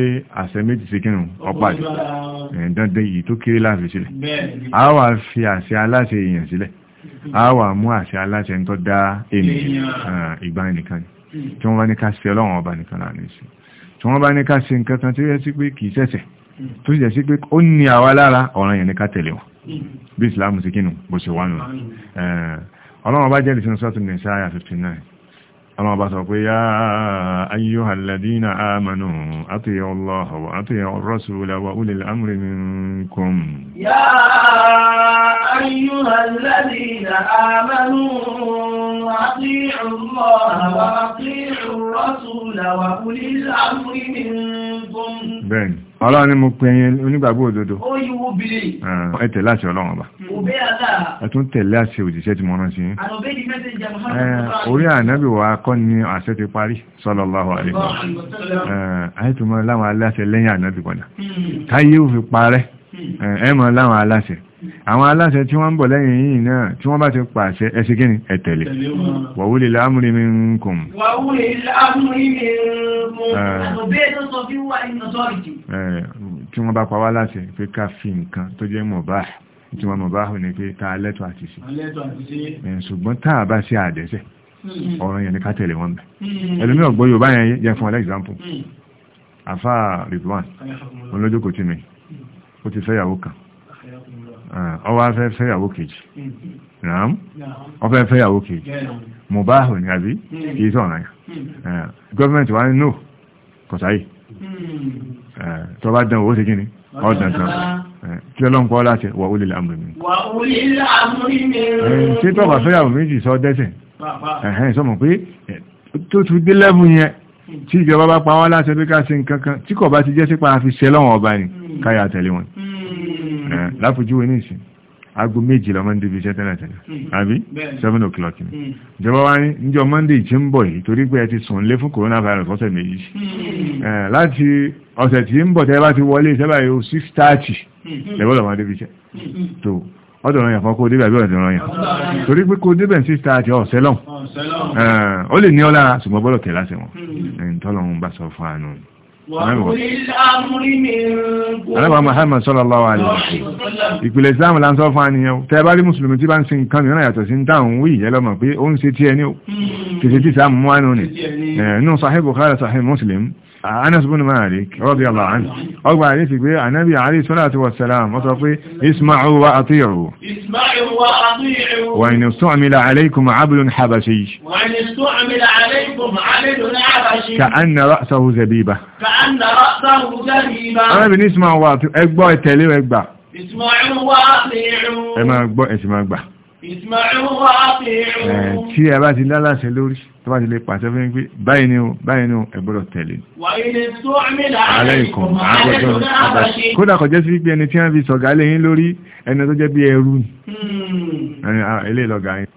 àṣẹ méjì sí kínú ọpàdé ẹ̀ẹ́dọ́dẹ́ yìí tó kéré láàfi sílẹ̀ a wà fi àṣẹ aláṣẹ èèyàn sílẹ̀ a wà mú àṣẹ aláṣẹ ń tọ́ ah, tí wọ́n bá ní ká ṣẹ lọ́wọ́n ọba nìkan láàrin sí i tí wọ́n bá ní ká ṣe nǹkan kan tí ó yẹ sí pé kìí ṣẹ̀ṣẹ̀ mm. tó sì jẹ́ sí pé ó ní àwa lára ọ̀ràn yẹn ní ká tẹ̀lé wọn mm. bí ìsìlámù sí kínú bó ṣe wà nù ọlọ́run bá jẹ́ ìsinmi sọ́tún ní sáyà 59 ọlọ́ọ̀bá sọ pé yá ayyuhal ladina amanu atiyu Allah wa atiyu ar-rasula wa ulil amri minkum yá ayyuhal ladina amanu atiyu Allah wa atiyu ar-rasula wa ulil amri minkum bẹ́ẹ̀ni ọlọ́run ni mo pè yín onígbàgbọ́ òdodo ẹ tẹ̀lé àṣẹ ọlọ́run ọba ẹ tún tẹ̀lé àṣẹ òjíṣẹ́ tí mo rán sí yín orí ànábì wa kọ́ ni àṣẹ ti parí sallallahu alaihi wasallam àìtùmọ̀ láwọn aláṣẹ lẹ́yìn ànábì padà hmm. táyé ò fi parẹ́ hmm. ẹ mọ̀ láwọn aláṣẹ àwọn aláṣẹ tí wọ́n ń bọ̀ lẹ́yìn yìí náà tí wọ́n bá ti pàṣẹ ẹsẹ gíní ẹ tẹ̀lé wa ulil amri minkum tí wọ́n bá pa wá láṣẹ pé ká fi nǹkan tó jẹ́ mubah tí wọ́n mubah ní pé ta lẹ́tọ̀ àti sí ṣùgbọ́n táà bá example hmm. hmm. hmm. àfáà Ridwan olójókòó tí mi ó ti fẹ́yàwó kan ọwọ́ ah, afẹ́ fẹ́yàwó kejì mm-hmm. naam ọfẹ́ fẹ́yàwó kejì mùbáhù ní àbí mm. kìí sọ̀rọ̀ náà gọ́ọ̀mẹ̀ntì wá ní no kọ̀sáyì mm. ah, tó bá dán owó sí kíni ọ̀dàn tán eh, kí ọlọ́run kọ́ láti wà ó lè lámùrí mi tí eh, tó bá fẹ́yàwó méjì sọ dẹ́sẹ̀ ẹ̀hẹ́n sọmọ̀ pé eh, tó tún dé lẹ́bù yẹn mm. tí ìjọba bá pa wá láti ẹbí ká sí nǹkan kan tí kò bá ti jẹ́ sípa àfi ṣẹlọ́wọ̀n ọba ni káyà tẹ̀lé wọn Eh, láfojúwe ní ìsìn aago méjì lọ mọ́ndé ibi iṣẹ́ tẹ́lẹ̀tẹ́lẹ̀ mm-hmm. àbí 7 o'clock ni mm-hmm. ìjọba wá ní níjọ mọ́ndé ìtí ń bọ̀ yìí torí pé ẹ ti sùn lé fún coronavirus ọ̀sẹ̀ méjì mm-hmm. eh, láti ọ̀sẹ̀ tí ń bọ̀ tẹ́ bá ti wọlé iṣẹ́ báyìí o 6:30 lẹ́gbọ́dọ̀ mọ́ndé ibi iṣẹ́ tó ọdọ̀ ọ̀rọ̀ yàn fún kó débẹ̀ àbí ọ̀dọ̀ ọ̀rọ̀ yàn torí pé kó débẹ̀ 6:30 ọ̀sẹ̀ lọ́n eh, ó lè ní ọlára ṣùgbọ́n bọ́lọ̀ tẹ̀ láti wọn ẹ̀yìn tọ́lọ́run bá sọ fún àánú Àrẹ́bà Muhammad sallallahu alaihi wasallam. Ìpìlẹ̀ Islam la ń sọ fún àníyàn. Tẹ́ bá rí Mùsùlùmí tí bá ń sin nǹkan mìíràn yàtọ̀ sí ń dáhùn wí ìyẹ́lọ́mọ̀ pé ó ń ṣe tí ẹni ó. tí Islam mú wá nù ní. Nínú Sahih Bukhari, Muslim, أنس بن مالك رضي الله عنه أربع عليه في عن النبي عليه الصلاة والسلام وصفي اسمعوا وأطيعوا اسمعوا وأطيعوا وإن استعمل عليكم عبل حبشي وإن استعمل عليكم عبل حبشي كأن رأسه زبيبة كأن رأسه زبيبة أنا بنسمع وأطيعوا أكبر التالي وأكبر اسمعوا وأطيعوا اسمعوا أكبر أكبر tí ẹ bá ti lálàṣẹ lórí tó bá ti lè pàṣẹ fún pé báyìí ni o báyìí ni o ẹ gbọ́dọ̀ tẹ̀lé aláìkọ̀ àgbẹ̀dọ̀ àbáṣe kódà kò jẹ́ sí pé ẹni tí wọ́n fi sọ̀gá lẹ́yìn lórí ẹni tó jẹ́ bí ẹrú hmm. ẹni ilé ìlọ́gà yìí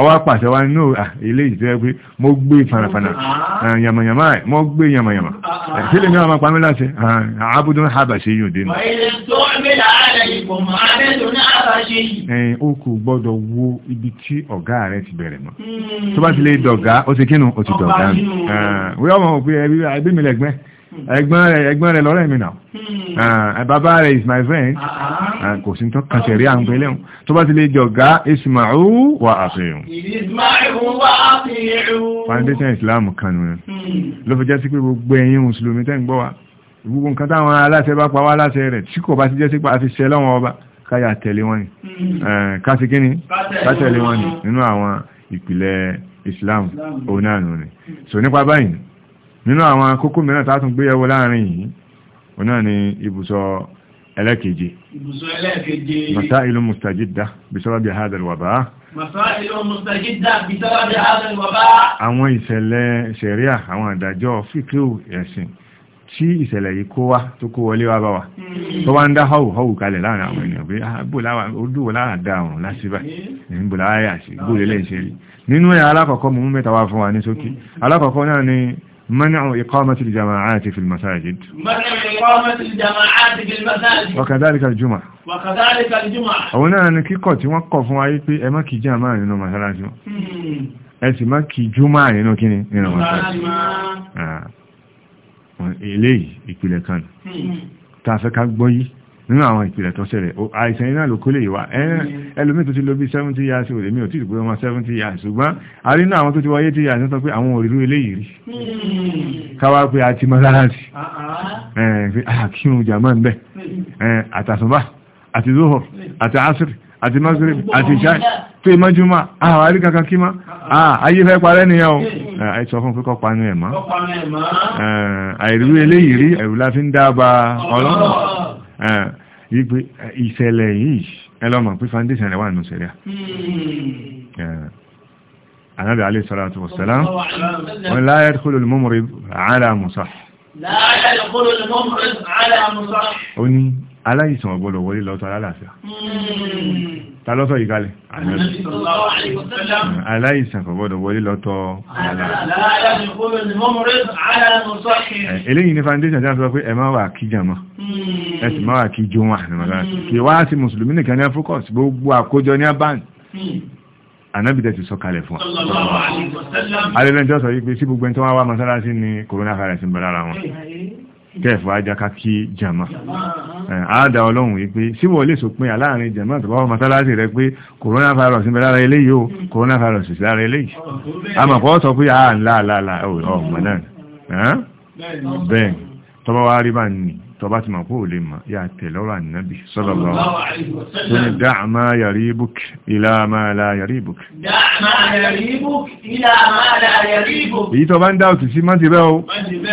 ọwọ́ pàṣẹ wá nínú ilé ìtẹ́ pé mo gbé fanafana ah. yamayama mo gbé yamayama kí lè ní ọmọ pàmí láti àbúdún àbàṣe yóò dé ó kò gbọ́dọ̀ wo ibi tí ọ̀gá rẹ̀ ti bẹ̀rẹ̀ mọ́ hmm. tó bá ti lè dọ̀gá ó ti kínú ó ti dọ̀gá mi wíwọ́n mọ̀ pé ẹbí mi lẹ́gbẹ́ ẹ̀gbọ́n rẹ̀ ẹ̀gbọ́n rẹ̀ lọ́rẹ́ mi náà hmm. ah, eh, bàbá rẹ̀ is my friend ah, ah, kò sí tó kàṣẹ̀ rí àwọn pẹ̀lẹ́ tó bá ti lè jọ̀gá isma'u wa àfihàn foundation islam kanu rẹ̀ hmm. ló fi jẹ́ sí pé gbogbo ẹ̀yin mùsùlùmí tẹ́ ń gbọ́ wa gbogbo nǹkan táwọn aláṣẹ bá pa wá láṣẹ rẹ̀ tí kò bá ti jẹ́ sí pa àti ṣẹ lọ́wọ́ ọba káyà tẹ̀lé wọn ni kásìkíní hmm. eh, kátẹ̀lé wọn ni nínú àwọn ìpìlẹ̀ islam onáà nù ni so nípa báyìí nínú àwọn kókó mìíràn tààtùn gbéyẹ̀wò láàrin yìí o náà ni ibùsọ ẹlẹ́kẹ̀ẹ́jẹ́ ibùsọ ẹlẹ́kẹ̀ẹ́jẹ́ masailu mustajidda bisababi hadha alwaba masailu mustajidda bisababi hadha alwaba àwọn ìṣẹ̀lẹ̀ ṣẹ̀ríà àwọn àdájọ́ fíkíù ẹ̀sìn tí ìṣẹ̀lẹ̀ yìí kó wá tó kó wọlé wá bá wa hmm. tó wá ń dá họ́wù họ́wù kalẹ̀ láàrin àwọn ènìyàn pé olúwo ah, lára dá ọ̀run lásìbà ní bòláyà hmm. sí gbòlélẹ̀ ìṣẹ́rí nínú ẹ̀ alákọ̀ọ́kọ́ mú mẹ́ta wá fún wa ní ṣókí hmm. alákọ̀ọ́kọ́ náà ni منع إقامة الجماعات في المساجد منع إقامة الجماعات في المساجد وكذلك الجمعة وكذلك الجمعة هنا أنا كيكوتي وقف وعيبي أما كي جماعة إنه مساجد ẹ̀sì má kí jùmọ́ nínú كني ni nínú wọn ilé ìpìlẹ̀ كان. tàfẹ́ ká gbọ́ nínú àwọn ìpìlẹ̀ tó ṣẹlẹ̀ àìsàn iná ló kó lè wà ẹlòmí tó ti lò bí 70 years old èmi ò tí ìgbé ọmọ 70 years ṣùgbọ́n a rí náà àwọn tó ti wáyé tí yàtọ̀ sọ pé àwọn òrìrú eléyìí rí hmm. káwá pé a ti mọ́ lára sí uh-huh. asiri ah, àti magrib àti ìṣáì tó ìmọ́júmọ́ àwọn àrí kankan kí má uh-huh. ah, ayé fẹ́ parẹ́ nìyàn o hmm. àìsọ fún pé kọ́panú ẹ̀mọ́ àìrú eléyìí rí ẹ̀rù la ń dábàá ọlọ́run Ah, wípé eh, ìṣẹ̀lẹ̀ yìí ẹlọ́mọ̀ pé foundation rẹ̀ wà nù sẹ̀rẹ̀ anábì alẹ́ sọ́látù wọ̀sẹ̀lám wọn la yadkhulu al-mumrid ala musah aláìsàn ọ̀gbọ́dọ̀ wọlé lọ́tọ̀ alálàáfíà ta lọ́tọ̀ yìí kalẹ̀ aláìsàn ọ̀gbọ́dọ̀ wọlé lọ́tọ̀ alálàáfíà eléyìí ní foundation tí a sọ pé ẹ máa wà kí jàmá ẹ sì máa wà kí jó wà kí wá sí mùsùlùmí nìkan ní focus gbogbo àkójọ ní abáǹ ànábìdẹ̀ ti sọ kalẹ̀ fún alẹ́lẹ́jọ́ sọ yí pé sí gbogbo ẹni tó wá wá mọ́sálásí ni coronavirus ń bẹ lára wọn kẹfà ajáká kí jama àádá ọlọ́run wípé síwọ̀ lè sọ pín aláàrin jama tó bá wọ́n mọ́sálásì rẹ pé coronavirus ń bẹ lára eléyìí o virus, sí lára eléyìí àmọ̀kọ́ sọ pé àà ah, ńlá àlàlà ọmọ náà bẹ́ẹ̀ tọ́bọ̀ wá rí bá nìí tọba ti ma kó lè ma ya tẹ̀lọ́rọ̀ annabi sallallahu alaihi wasallam tó ní dá ma yaribuk ila ma la yaribuk èyí tó bá ń dáòtù sí má ti bẹ́ o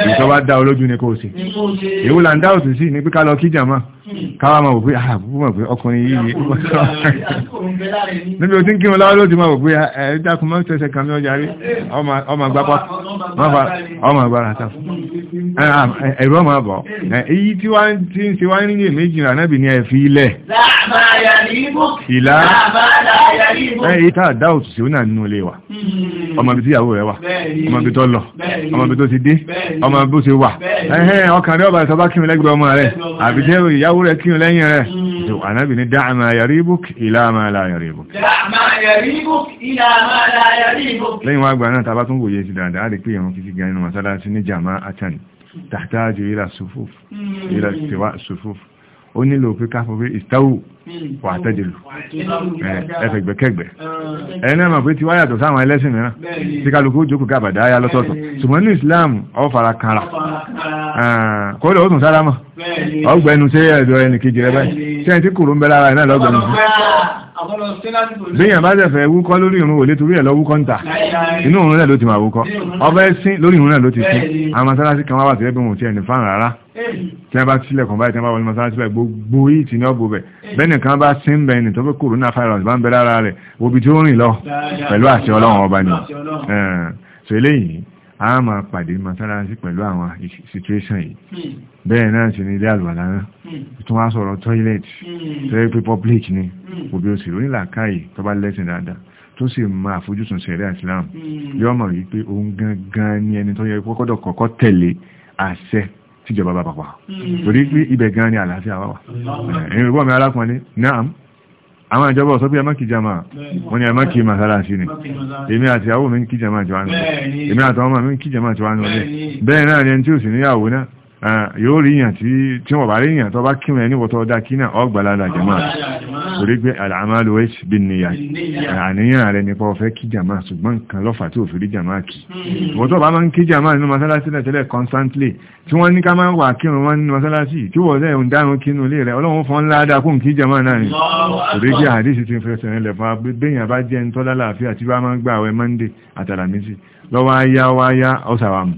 èyí tó bá dá olójú ní kó o sí èyí wùlà ń dáòtù sí ní pé ká kí jàmá káwà máa wò pé àbúkú ah, máa pé ọkùnrin yìí níbi o ń kí wọn láwọ́ lóòtí máa wò pé ah, ẹ̀ẹ́dàkùn máa ń tẹ́sẹ̀ kan ní ọjà rí ọmọ ọmọ agbára ta ah, ẹ̀rọ èyí tí wá ń wá ní rà náà bì ní ẹ̀fí ilẹ̀ ìlà èyí tá àdá òtù sí ó náà nínú ilé wa ọmọ ibi tí ìyàwó rẹ wà ọmọ ibi tó lọ ọmọ ibi tó ti dé ọmọ ibi tó ti wà ọkàn rẹ kí mi lẹ́gbẹ̀ẹ́ ọmọ rẹ àbíjẹ́ ìyàwó ìyàwó rẹ̀ kírun lẹ́yìn rẹ̀ tó mm. ànábì ní dáàmà yaribuk ìlàmà la yaribuk lẹ́yìn wá gbà náà tàbá tún wòye ti dáadáa rí pé ìrun kíkí gan inú masalasi ní jama atani tàtàjù ìlà sufuf ìlà mm. tiwa sufuf ó nílò pé ká fún pé ìstáwù wà tẹ́jìlù ẹfẹ̀gbẹ̀kẹ́gbẹ̀ ẹni náà mọ̀ pé tí wá yàtọ̀ sáwọn ẹlẹ́sìn mìíràn tí kálukú jókòó kábàdá ayá lọ́tọ̀ọ̀tọ̀ ṣùgbọ́n ní Islam ọ fara kanra ah, kódà ó tún sára ọgbẹnu sí ẹ̀dọ̀ ẹnì kejì rẹ báyìí tí ẹni tí kòrò ń bẹ lára ẹ̀ náà lọ́gbẹ̀nu sí. bíyàn bá jẹ́ fẹ́ wúkọ́ lórí ìrún òlé torí ẹ̀ lọ wúkọ́ ń tà inú òun náà ló ti máa wúkọ́ ọbẹ̀ sí lórí ìrún náà ló ti sí àwọn masalasi kan wá wà tẹ́lẹ̀ bí wọn ò tiẹ̀ ní fáàn rárá tí wọ́n bá sílẹ̀ kàn báyìí tí wọ́n bá wọlé masalasi báyìí gbogbo yìí ti ní ọgbọ bẹ̀ bẹ́ẹ̀ni kan bá sí ń bẹ̀ ní tó fẹ́ kòrónà fáìrọ̀sì bá ń bẹ lára a máa pàdé mọ́sálásí pẹ̀lú àwọn situation yìí hmm. bẹ́ẹ̀ náà sì ní ilé àlùwàlá náà hmm. tún wá sọ̀rọ̀ toilet hmm. tẹ́lẹ̀ pé public ni òbí ó sì rí làákàyè tó bá lẹ́sìn dáadáa tó sì máa àfojúsùn sẹ̀rẹ̀ Islam yọ́ mọ̀ wípé òun gangan ni ẹni tó yẹ kọ́kọ́dọ̀ kọ́kọ́ tẹ̀lé àṣẹ tíjọba bá pàpà torí pé ibẹ̀ gan ni àlàáfíà wà wà ẹ̀yìn ìgbọ́n mi alákùnrin náà àwọn ìjọba ọ̀sọ́ bí ẹmọ́kì jama wọ́n ni ẹmọ́kì masalasi ni èmi àti àwọn mi ń kí jama jọ wánú èmi àtàwọn bẹ́ẹ̀ náà ni ẹni tí ó sì níyàwó náà Ah, yóò rí yàn tí wọ́n bá rí yàn tó bá kírun ẹni wọ́tọ́ dá kí náà ọgbàládà jàmáà torí pé àlàmàlò h bí níyà àníyàn rẹ̀ nípa ọ̀fẹ́ kí jàmáà ṣùgbọ́n nǹkan lọ́fà tí ò fi rí jàmáà kí wọ́tọ́ bá máa kí jàmáà nínú masalasi tẹ́lẹ̀ constantly tí wọ́n ní ká máa ń wà kírun wọn nínú masalasi tí wọ́n lẹ́ ń dáhùn kínú ilé rẹ̀ ọlọ́run fọ́n ládàá kún kí jàmáà náà ni torí pé àdísì ti fẹsẹ̀ rẹ̀ fún abẹ́yàn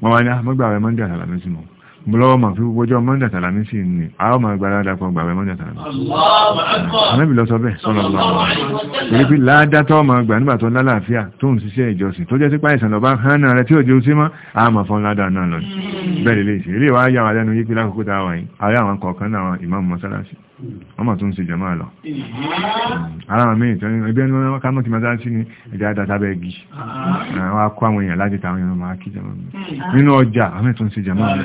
wọ́n wá ní àmọ́gbà ah, rẹ̀ mọ́ndé àtàlàmísì mọ́ bọ́lọ́wọ́ ma fi gbogbo ọjọ́ mọ́ndé àtàlàmísì ni a ó ma gbára dápọ̀ gbà rẹ̀ mọ́ndé àtàlàmísì anábì lọ sọ bẹ́ẹ̀ sọ́nà lọ́wọ́ torí pé ládátọ́ ma gbà nígbà tó lálàáfíà ma fọ́n ládà náà lọ bẹ́ẹ̀ lè ṣe eré wa yà wà lẹ́nu yí pé lákòókò táwa yìí àwọn wọ́n mà tún ṣe jàmáà lọ ara mi ìtọ́ni ẹgbẹ́ ní wọ́n ká mọ́ ti máa dáa sí ní ẹ̀dá àdàtàbẹ̀ ẹ̀gì ah. wọ́n kó àwọn èèyàn láti tàwọn èèyàn máa kí jàmáà mi nínú ọjà àmì tún ṣe jàmáà mi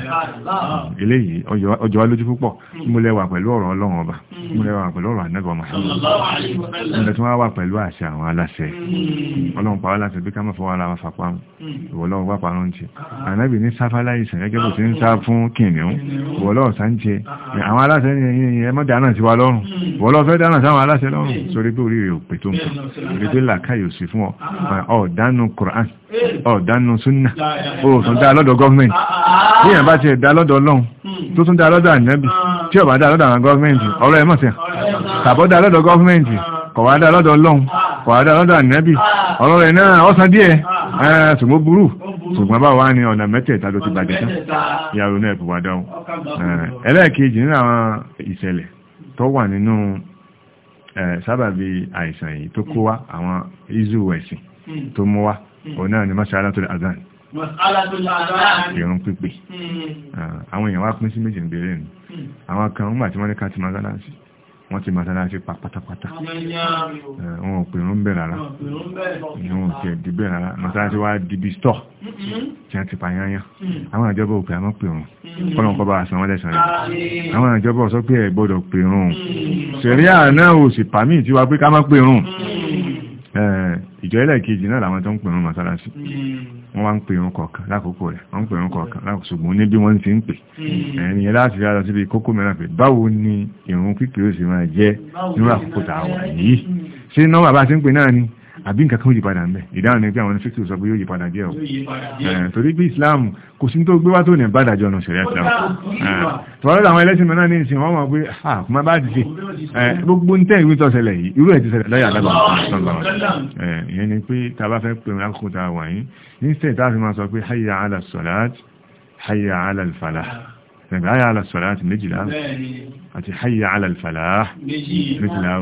eléyìí ọjọ́ alójú púpọ̀ mo lẹ́wà pẹ̀lú ọ̀rọ̀ ọlọ́run ọba mo lẹ́wà pẹ̀lú ọ̀rọ̀ anẹ́gbọ̀n mọ̀ tí wọ́n wà pẹ̀lú àṣẹ àwọn aláṣẹ ọlọ́run pàwọ́ láti bí dáràn tiwa lọ́rùn hmm. wọ́n lọ fẹ́ dáràn sáwọn aláṣẹ lọ́rùn hmm. sórí pé orí rẹ̀ ò pè tó nǹkan hmm. orí pé làákàyè ò sí fún ọ ọ̀dánù Qur'an ọ̀dánù súnà ó tún dá lọ́dọ̀ gọ́ọ̀mẹ̀ntì ah, ah, ah. bí èèyàn bá ti dá lọ́dọ̀ ọlọ́run tó tún dá lọ́dọ̀ ànẹ́bì tí ó bá dá lọ́dọ̀ àwọn gọ́ọ̀mẹ̀ntì ọ̀rọ̀ ẹ̀ mọ̀ sí tàbọ́ dá lọ́dọ̀ gọ́ọ̀mẹ̀ntì kọ̀wá dá lọ́dọ̀ ọlọ́run kọ̀wá dá lọ́dọ̀ ànẹ́bì ọ̀rọ̀ ẹ̀ náà ọ̀sán díẹ̀ eh, ṣùgbọ́n burú ṣùgbọ́n bá wá ní ọ̀nà mẹ́tẹ̀ẹ̀ta ló ti bàjẹ́ tán ìyàrò náà ẹ̀bùwàdà ohun nínú àwọn ìṣẹ̀lẹ̀ tó wà nínú sábàbí àìsàn yìí tó kó wá hmm. àwọn izu ẹ̀sìn hmm. tó mú wá hmm. òun náà ni mọ́ṣálá tó lè azán ìrún pípé àwọn èèyàn wá pín sí méjì níbẹ̀rẹ̀ nù àwọn kan wọ́n ti mọ́sálásí pa pátápátá wọn ò pè ń bẹ̀ rárá wọn ò tẹ̀ dì bẹ̀ rárá mọ́sálásí wá di bí stọ̀ mm-hmm. tí wọ́n ti pa yányán mm-hmm. àwọn ìjọba ò pè àmọ́ pè wọn mm-hmm. kọ́nà kọ́ bá a san wọ́n lẹ́sàn rẹ̀ àwọn ìjọba ò sọ pé ẹ̀ gbọ́dọ̀ pè wọn ṣẹ̀ríà náà ò sì pàmì tí wá pé ká má pè wọn ìjọ ẹlẹ́ẹ̀kejì náà làwọn tó ń pèrún mọ́sálásí hmm. wọ́n wá ń pèrún kọ̀ọ̀kan lákòókò rẹ̀ wọ́n ń pèrún kọ̀ọ̀kan ṣùgbọ́n ní bí wọ́n ti ń pè hmm. ẹni yẹn láti yára síbi kókó mìíràn pé báwo ni ìrun kíkì ó sì máa jẹ́ nínú àkókò tàwa hmm. yìí ṣé nọ́mbà bá ti ń pè náà ni àbí nǹkan kan yípadà ń bẹ̀ ìdáhùn ní pé àwọn fíkì sọ pé yóò yípadà díẹ̀ ọ̀ torí pé Islam kò sí tó gbé wá tó ní ìbádàjọ́ ọ̀nà ṣẹ̀rẹ̀ Islam tọ́lọ́dọ̀ àwọn ẹlẹ́sìn mẹ́rin ní ìsìn wọ́n mọ̀ pé ah ma bá ti ṣe gbogbo ń tẹ́ ìwé tó ṣẹlẹ̀ yìí irú ẹ̀ ti ṣẹlẹ̀ láyà alábà ìyẹn ni pé ta bá fẹ́ pè mí lákòókò ta wà yín ní sẹ̀gbẹ̀ ayà alàsọ̀rọ̀ àti méjìlá àti hayya alàlfàlá méjìlá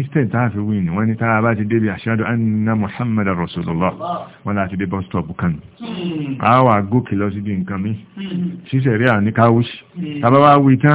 instant ta fi wí ni wọ́n ni tàà bá ti débi ashadu anna muhammad rasulullah wọ́n láti dé bus stop kan àwà hmm. gòkè lọ sí bí nǹkan mi ṣíṣẹ̀rí à ní káwúṣì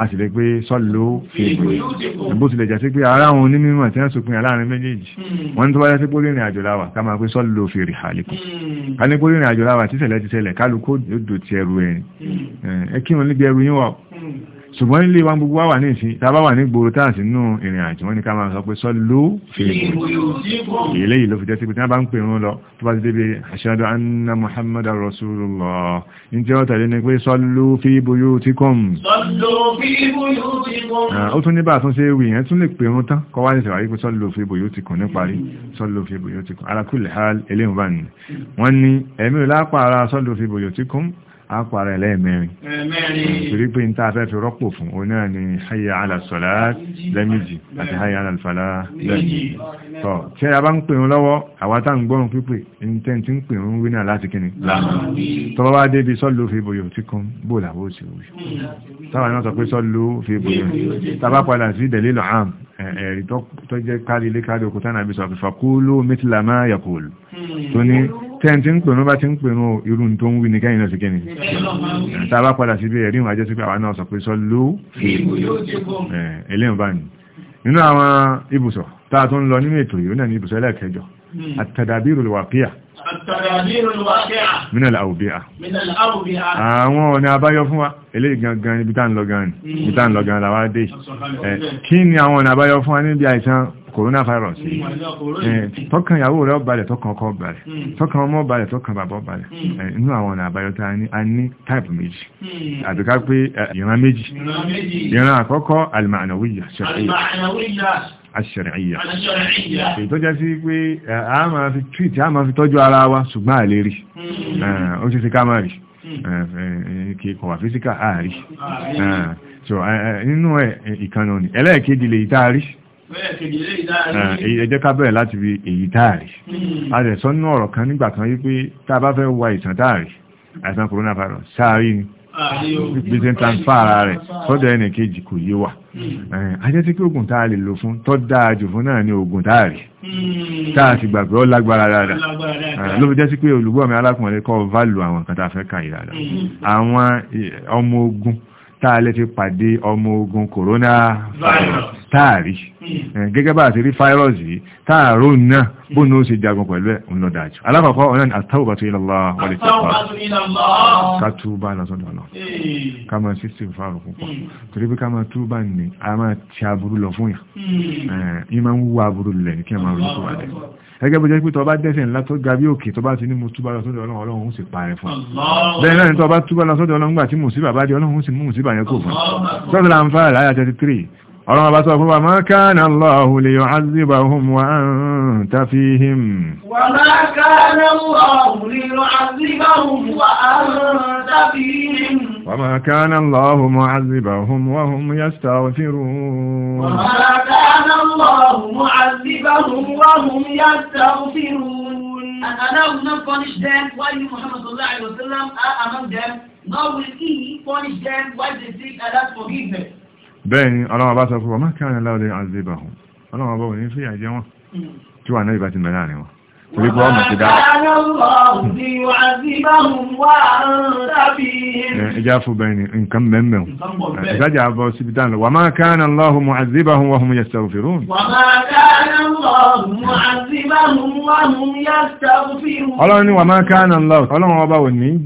a sì lè pé sọ́lọ́ fèègbè bó tilẹ̀ jẹ́ sí pé ara wọn ní mímọ̀ tí wọ́n sópin aláàrin méjèèjì hmm. wọ́n ní tó bá yẹ́ sí pé rìnrìn àjò láwà ká máa pé sọ́lọ́ fèrè àlékù hmm. ká ní pé rìnrìn àjò láwà tí ṣẹlẹ̀ ti ṣẹlẹ̀ kálukó yóò dò ti ẹrù ẹ̀rin hmm. ẹ kí wọn níbi ẹrù yín ṣùgbọ́n ilé wa gbogbo wà ní ìsìn tàbá wà ní gbòòrò táàsì nínú ìrìn àjò wọn ni ká máa sọ pé sọ ló fi ilé yìí ló fi jẹ́sí pé tí wọ́n bá ń pè wọn lọ tó bá ti débi ashadu anna muhammad rasulullah ní tí wọ́n tẹ̀lé ni pé sọ fi buyutikum ó tún ní bá àtúnṣe ewì yẹn tún lè pè wọn tán kọ́ wá fi buyutikum ní parí fi buyutikum ala kulli hal eléhùn bá ní wọ́n ní ẹ̀mí lápá ara fi buyutikum a pààrẹ lẹ́ẹ̀mẹ́rin torípé ń tàà fẹ́ fi rọ́pò fún o náà ni hayya ala salat lẹ́mìjì àti hayya ala falah lẹ́mìjì tọ́ tí a bá ń pè ń lọ́wọ́ àwátá ń gbọ́rùn pípè intenti ń pè ń wí náà láti kíni tọ́wọ́ bá débi sallu fi buyutikum bóòlà ó sì wí táwọn náà sọ pé sallu fi buyutikum tàbá padà sí dalilu am ẹ̀rí tó tẹ́ntí ń pèrún bá ti ń pèrún irú tó ń wí ní kẹ́yìn náà sí kẹ́ni tàbá padà sí bí ẹ̀rí ìwájẹ́ sí pé àwọn náà sọ pé sọ ló ẹlẹ́yìn bá ní nínú àwọn ibùsọ̀ tàà tó ń lọ nínú ètò yìí ó náà ní ibùsọ̀ ẹlẹ́ẹ̀kẹjọ àtàdàbírò wàpíà mínà l'áwùbíà àwọn ọ̀nà àbáyọ fún ni ibi ni àwọn ọ̀nà coronavirus yìí mm. eh, tọ́kàn ìyàwó rẹ̀ ọ̀balẹ̀ tọ́kàn ọkọ ọ̀balẹ̀ mm. tọ́kàn ọmọ ọ̀balẹ̀ tọ́kàn bàbá ọ̀balẹ̀ mm. eh, inú àwọn ọ̀nà àbáyọ tá a ní type méjì àti ká pé eh, ìran méjì ìran àkọ́kọ́ al-ma'nawiyya aṣẹ̀rẹ̀ẹ́yà èyí tó jẹ́ sí pé a máa fi treat a máa fi tọ́jú ara wa ṣùgbọ́n àlérí ó ṣe sí ká máa rí kí kọ̀wà físíkà àárí nínú ẹ̀ ìkànnà ní ẹlẹ́ẹ̀kejì lè ìtaárí ẹjẹ́ ká bẹ̀rẹ̀ láti fi èyí táàrí a rẹ̀ hmm. sọ nínú ọ̀rọ̀ kan nígbà kan wípé tá a bá fẹ́ wa ìtàn táàrí àìsàn coronavirus sáàrí ni gbèsè transfer ara rẹ̀ sọ́dọ̀ ẹnì kejì kò yé wa hmm. ajẹ́ tí kí oògùn tá lè lò fún tọ́ dáa jù fún náà ni oògùn táàrí hmm. táà sì gbàgbé ọ lágbára dáadáa ló fi jẹ́ sí pé olùgbọ́ mi alákùnrin kọ́ válù àwọn kan tá a fẹ́ kà yìí dáadáa àwọn ọmọ ogun tá lè fi pàdé ọmọ ogun coronavirus táàrí hmm. eh, gẹ́gẹ́ bá àti rí fáírọ́sì yìí táàrò náà hmm. bó ní ó ṣe jagun pẹ̀lú ẹ̀ ń lọ dájú alákọ̀ọ́kọ́ ọ̀nà ni àtàwùbà tó ilẹ̀ Allah wà lè tẹ́kọ̀ọ́ ká túbá lọ́sọ̀dọ̀ náà ká máa sí sí fáàrù púpọ̀ torí pé ká máa túbá ní a máa ti aburú lọ fún hmm. eh, ńlá tó ga bí òkè tọba ti ní mo túbá lọ ọlọ́run ọlọ́run sì parẹ́ fún bẹ́ẹ̀ náà ni tọba túbá lọ ọlọ́run gbà tí mùsíbà bá dé ọlọ́run sì mú mùsíbà yẹn kò fún ọlọ́run bá sọ fún wa ma kana Allahu liyu'azzibahum wa anta fihim wa ma kana Allahu liyu'azzibahum wa anta fihim wa ma kana Allahu mu'azzibahum wa hum yastaghfirun wa ma kana Allahu mu'azzibahum wa hum yastaghfirun And Allah will not punish them while you Muhammad sallallahu alayhi wa sallam are among them, nor will He punish them while they seek Allah's forgiveness. bẹ́ẹ̀ ni ọlọ́wọ́ bá sọ fún wọn mákà ní láwọ́dé àzébà hùn ọlọ́wọ́ bá wọ́n ní fíyà jẹ wọn tí wà náà ìbá ti mẹ́lá rẹ̀ wọn torí pé ọmọ ti dá ẹjá fún bẹ́ẹ̀ ni nǹkan mẹ́mẹ́ ìsájà bọ́ síbi dáná wà máa wà máa ká ní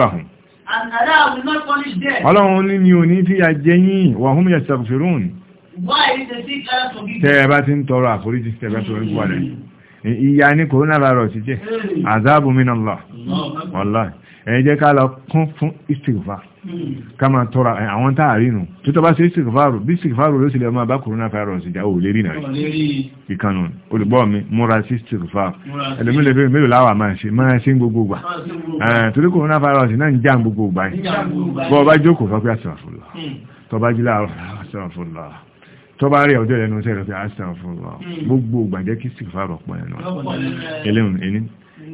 aláhùn Allah will not punish them. Ọlọ́run ní ni ò ní fìyà jẹ yín, wa hum yastaghfirun. Why is the sick Allah forgive? Tẹ́ẹ̀ bá ti ń tọrọ àforíjì tẹ́ẹ̀ tó rí wà lẹ́yìn. Ìyà ni coronavirus jẹ́, àzáàbù min Allah. Wallahi. Ẹ jẹ́ ká lọ kún fún istighfar ká máa tọ́ra àwọn tá a rí nù tó tọ́ bá ṣe sìkìfàrò bí sìkìfàrò ló sì lè máa bá coronavirus ìjà ò lè rí náà ìkànnù olùgbọ́ mi múra sí sìkìfàrò ẹlòmí lè fẹ́ mélòó láwà máa ṣe máa ṣe ń gbogbo gbà torí coronavirus náà ń já gbogbo gbà yìí bọ́ ọba jókòó fọ́pẹ́ àṣàfùlà tọba jí láàrọ̀ àṣàfùlà tọba rí ọjọ́ ẹnu sẹ́rẹ̀ fẹ́ àṣàfùlà hmm. gbogbo gbàjẹ́ kí sìkìfàrò pọ̀ ẹnu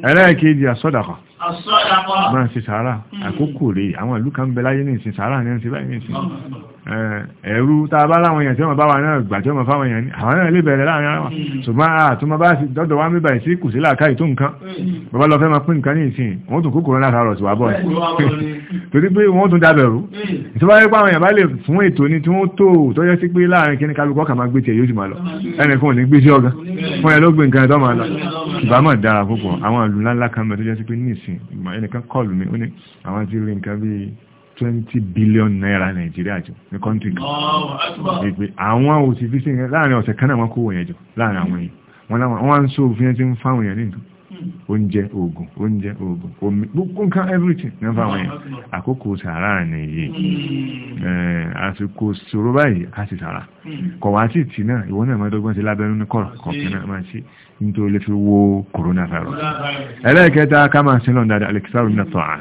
ẹlẹ́kejì àsọ́dàkọ̀ máa ṣe sàárà hmm. àkókò rẹ̀ àwọn ìlú kan bẹ láyé ní ìsìn sàárà ní ẹ̀sìn báyìí ní ìsìn ẹ̀rú tá a bá láwọn èèyàn tí wọ́n bá wà náà gbà tí wọ́n fáwọn èèyàn ní àwọn náà lè bẹ̀rẹ̀ láàrin ara wọn hmm. ṣùgbọ́n àtúmọ̀ bá sì dọ́dọ̀ wá mẹ́bàá sí kù sí làákàyè tó nǹkan hmm. bàbá lọ fẹ́ máa pín nǹkan ní ìsìn wọ́n tún kókòrò náà sàárọ̀ sí wà bọ̀ [laughs] torí pé wọ́n tún dábẹ̀rú ìtọ́ba yẹ pé àwọn èèyàn bá lè fún ètò ni tí wọ́n tó tó sí pé láàrin kíní kálukọ́ kà máa gbé tiẹ̀ yóò sì máa lọ ẹnìkan ò ní gbé sí ọ̀gá fún ẹ ló gbé nǹkan ẹ̀ tó máa lọ ìbámọ̀ dára púpọ̀ àwọn àlùlá ńlá kan mẹ́ sí pé ní nísìn ẹnìkan call mi ó ní àwọn ti rí nǹkan bíi twenty billion naira nàìjíríà jù ní kọ́ńtì kan ìpè àwọn ò sì fi sí nǹkan láàrin ọ̀sẹ̀ kan náà wọ́n kó wọ̀ yẹn jù láàrin àwọn yìí wọ́n láwọn wọ́n á ń sọ òfin ti ń fáwọn yẹn ní hmm. oúnjẹ oògùn oúnjẹ oògùn omi gbogbo nǹkan everything ní fáwọn yẹn àkókò sàárà nìyí hmm. eh, àsìkò ṣòro báyìí á sì sàárà hmm. kọ̀wá sì tì náà ìwọ náà máa dọ́gbọ́n sí lábẹ́nú ní kọ̀rọ̀ kọ̀ọ̀kan náà máa ṣe nítorí lè fi wo coronavirus. ẹlẹ́ẹ̀kẹta kama sílọ̀ dáadáa alẹ́kẹsàrù ní àtọ̀à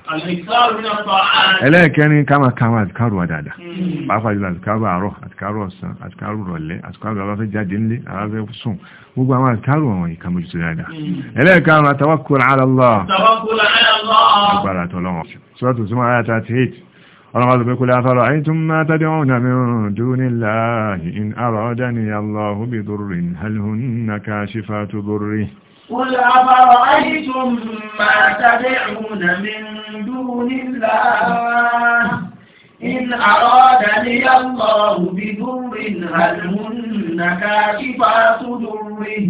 ẹlẹ́ẹ̀kẹrin kama kama àtikárù wa dáadáa hmm. pàápàá jùlọ àtikárù àárọ̀ àtikárù ọ̀sán àtikárù rọ̀lẹ́ àtikárù aláfẹ́ jáde ńlé aláfẹ́ sùn gbogbo àwọn àtikárù àwọn ìkàmójútó dáadáa hmm. ẹlẹ́ẹ̀kẹrin tawakkul ala Allah agbára tọ́lọ́wọ́ sọ́tù súnmọ́ ayá 38 ọlọ́run bí kúlẹ̀ afẹ́rọ̀ àìtún máa tàbí ọ̀nà mìíràn dúní láàáhì in àrọ̀ọ́dá ni aláhù bí dúrì halhun na ká ṣífà tó dúrì kúlẹ̀ afẹ́rọ̀ àìtún máa tàbí ọ̀nà mìíràn dúní láàáhì إن أرادني الله بضر هل هن كاشفات ضره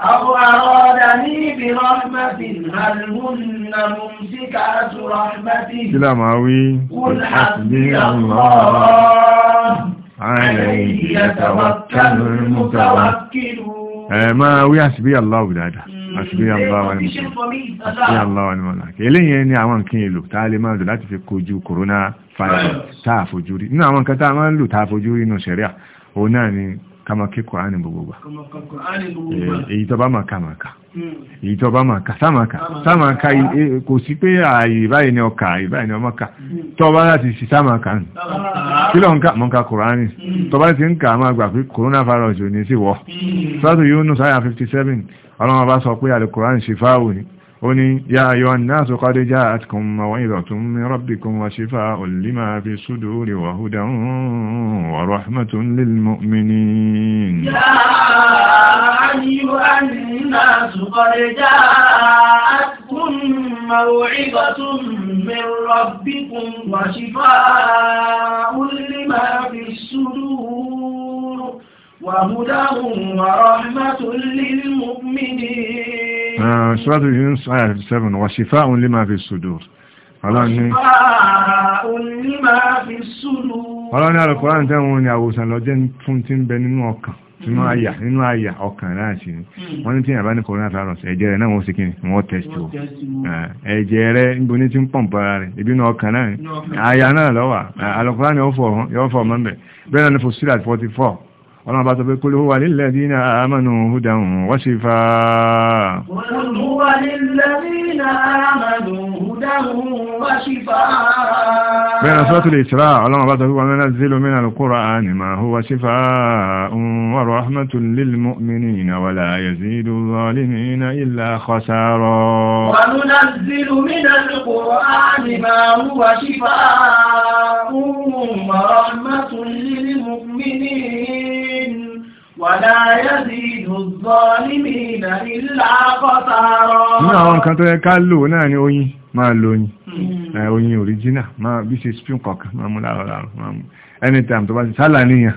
أو أرادني برحمة هل هن ممسكات رحمته كلا ماوي قل حسبي الله عليه يتوكل المتوكلون ما وي حسبي الله dáadáa àṣìbí aláwọ̀ alìmọ̀láàkì eléyìn ní àwọn nǹkan èlò tàà lè máa lò láti fi kojú corona virus tàà fojú rí nínú àwọn nǹkan tàà máa ń lò tàà fojú rí nù sẹ̀ríà òun náà ni kama kí kùránì gbogbogbà èyí tọba ma ká ma ká hmm. èyí tọba ma ká sámàká sámàká eh, eh, kò sí pé ààyè báyìí ni ọkà ààyè báyìí ni ọmọkà hmm. tọba láti sí sámàká nù kí lọ ń ká mọ́ ká kùránì tọba ti ń ká máa gbà pé coronavirus ò ní sí wọ́ hmm. sọ́tù Yunus àyà 57 ọlọ́mọba sọ pé àlè kùránì ṣe fáwọn ni قل يا أيها الناس قد جاءتكم موعظة من ربكم وشفاء لما في الصدور وهدى ورحمة للمؤمنين يا أيها الناس قد جاءتكم موعظة من ربكم وشفاء لما في الصدور وهدى ورحمة للمؤمنين آه سورة يونس آية 7 وشفاء لما في الصدور Ọlọ́ni alùkùránì tẹ́wọ̀n ni àwòsàn lọ jẹ́ fún tí ń bẹ nínú ọkàn, nínú àyà, nínú àyà ọkàn náà sí ni. Wọ́n ní tí ìyàbá ní coronavirus, ẹ̀jẹ̀ rẹ̀ náà wọ́n sí kíni, wọ́n test o. Ẹ̀jẹ̀ rẹ̀ níbo ní tí ń pọ̀m̀pọ̀ ara rẹ̀, ibi náà ọkàn náà ni. Àyà náà lọ́wà, alùkùránì yóò fọ̀ ربط بكل هو للذين آمنوا هدى وشفاء قل هو للذين آمنوا هدى وشفاء من صلاة الإسراء علم ربط هو وننزل من القرآن ما هو شفاء ورحمة للمؤمنين ولا يزيد الظالمين إلا خسارا وننزل من القرآن ما هو شفاء ورحمة للمؤمنين Wàlá yazidu zalimina illa khasara. Ní àwọn nǹkan tó yẹ ká lò náà ni oyin, máa lo oyin. Hmm. Eh, oyin original, bí ṣe spin kọ̀ọ̀kan, máa mú láàrọ̀ láàrọ̀, Anytime tó bá ti sálà níyàn.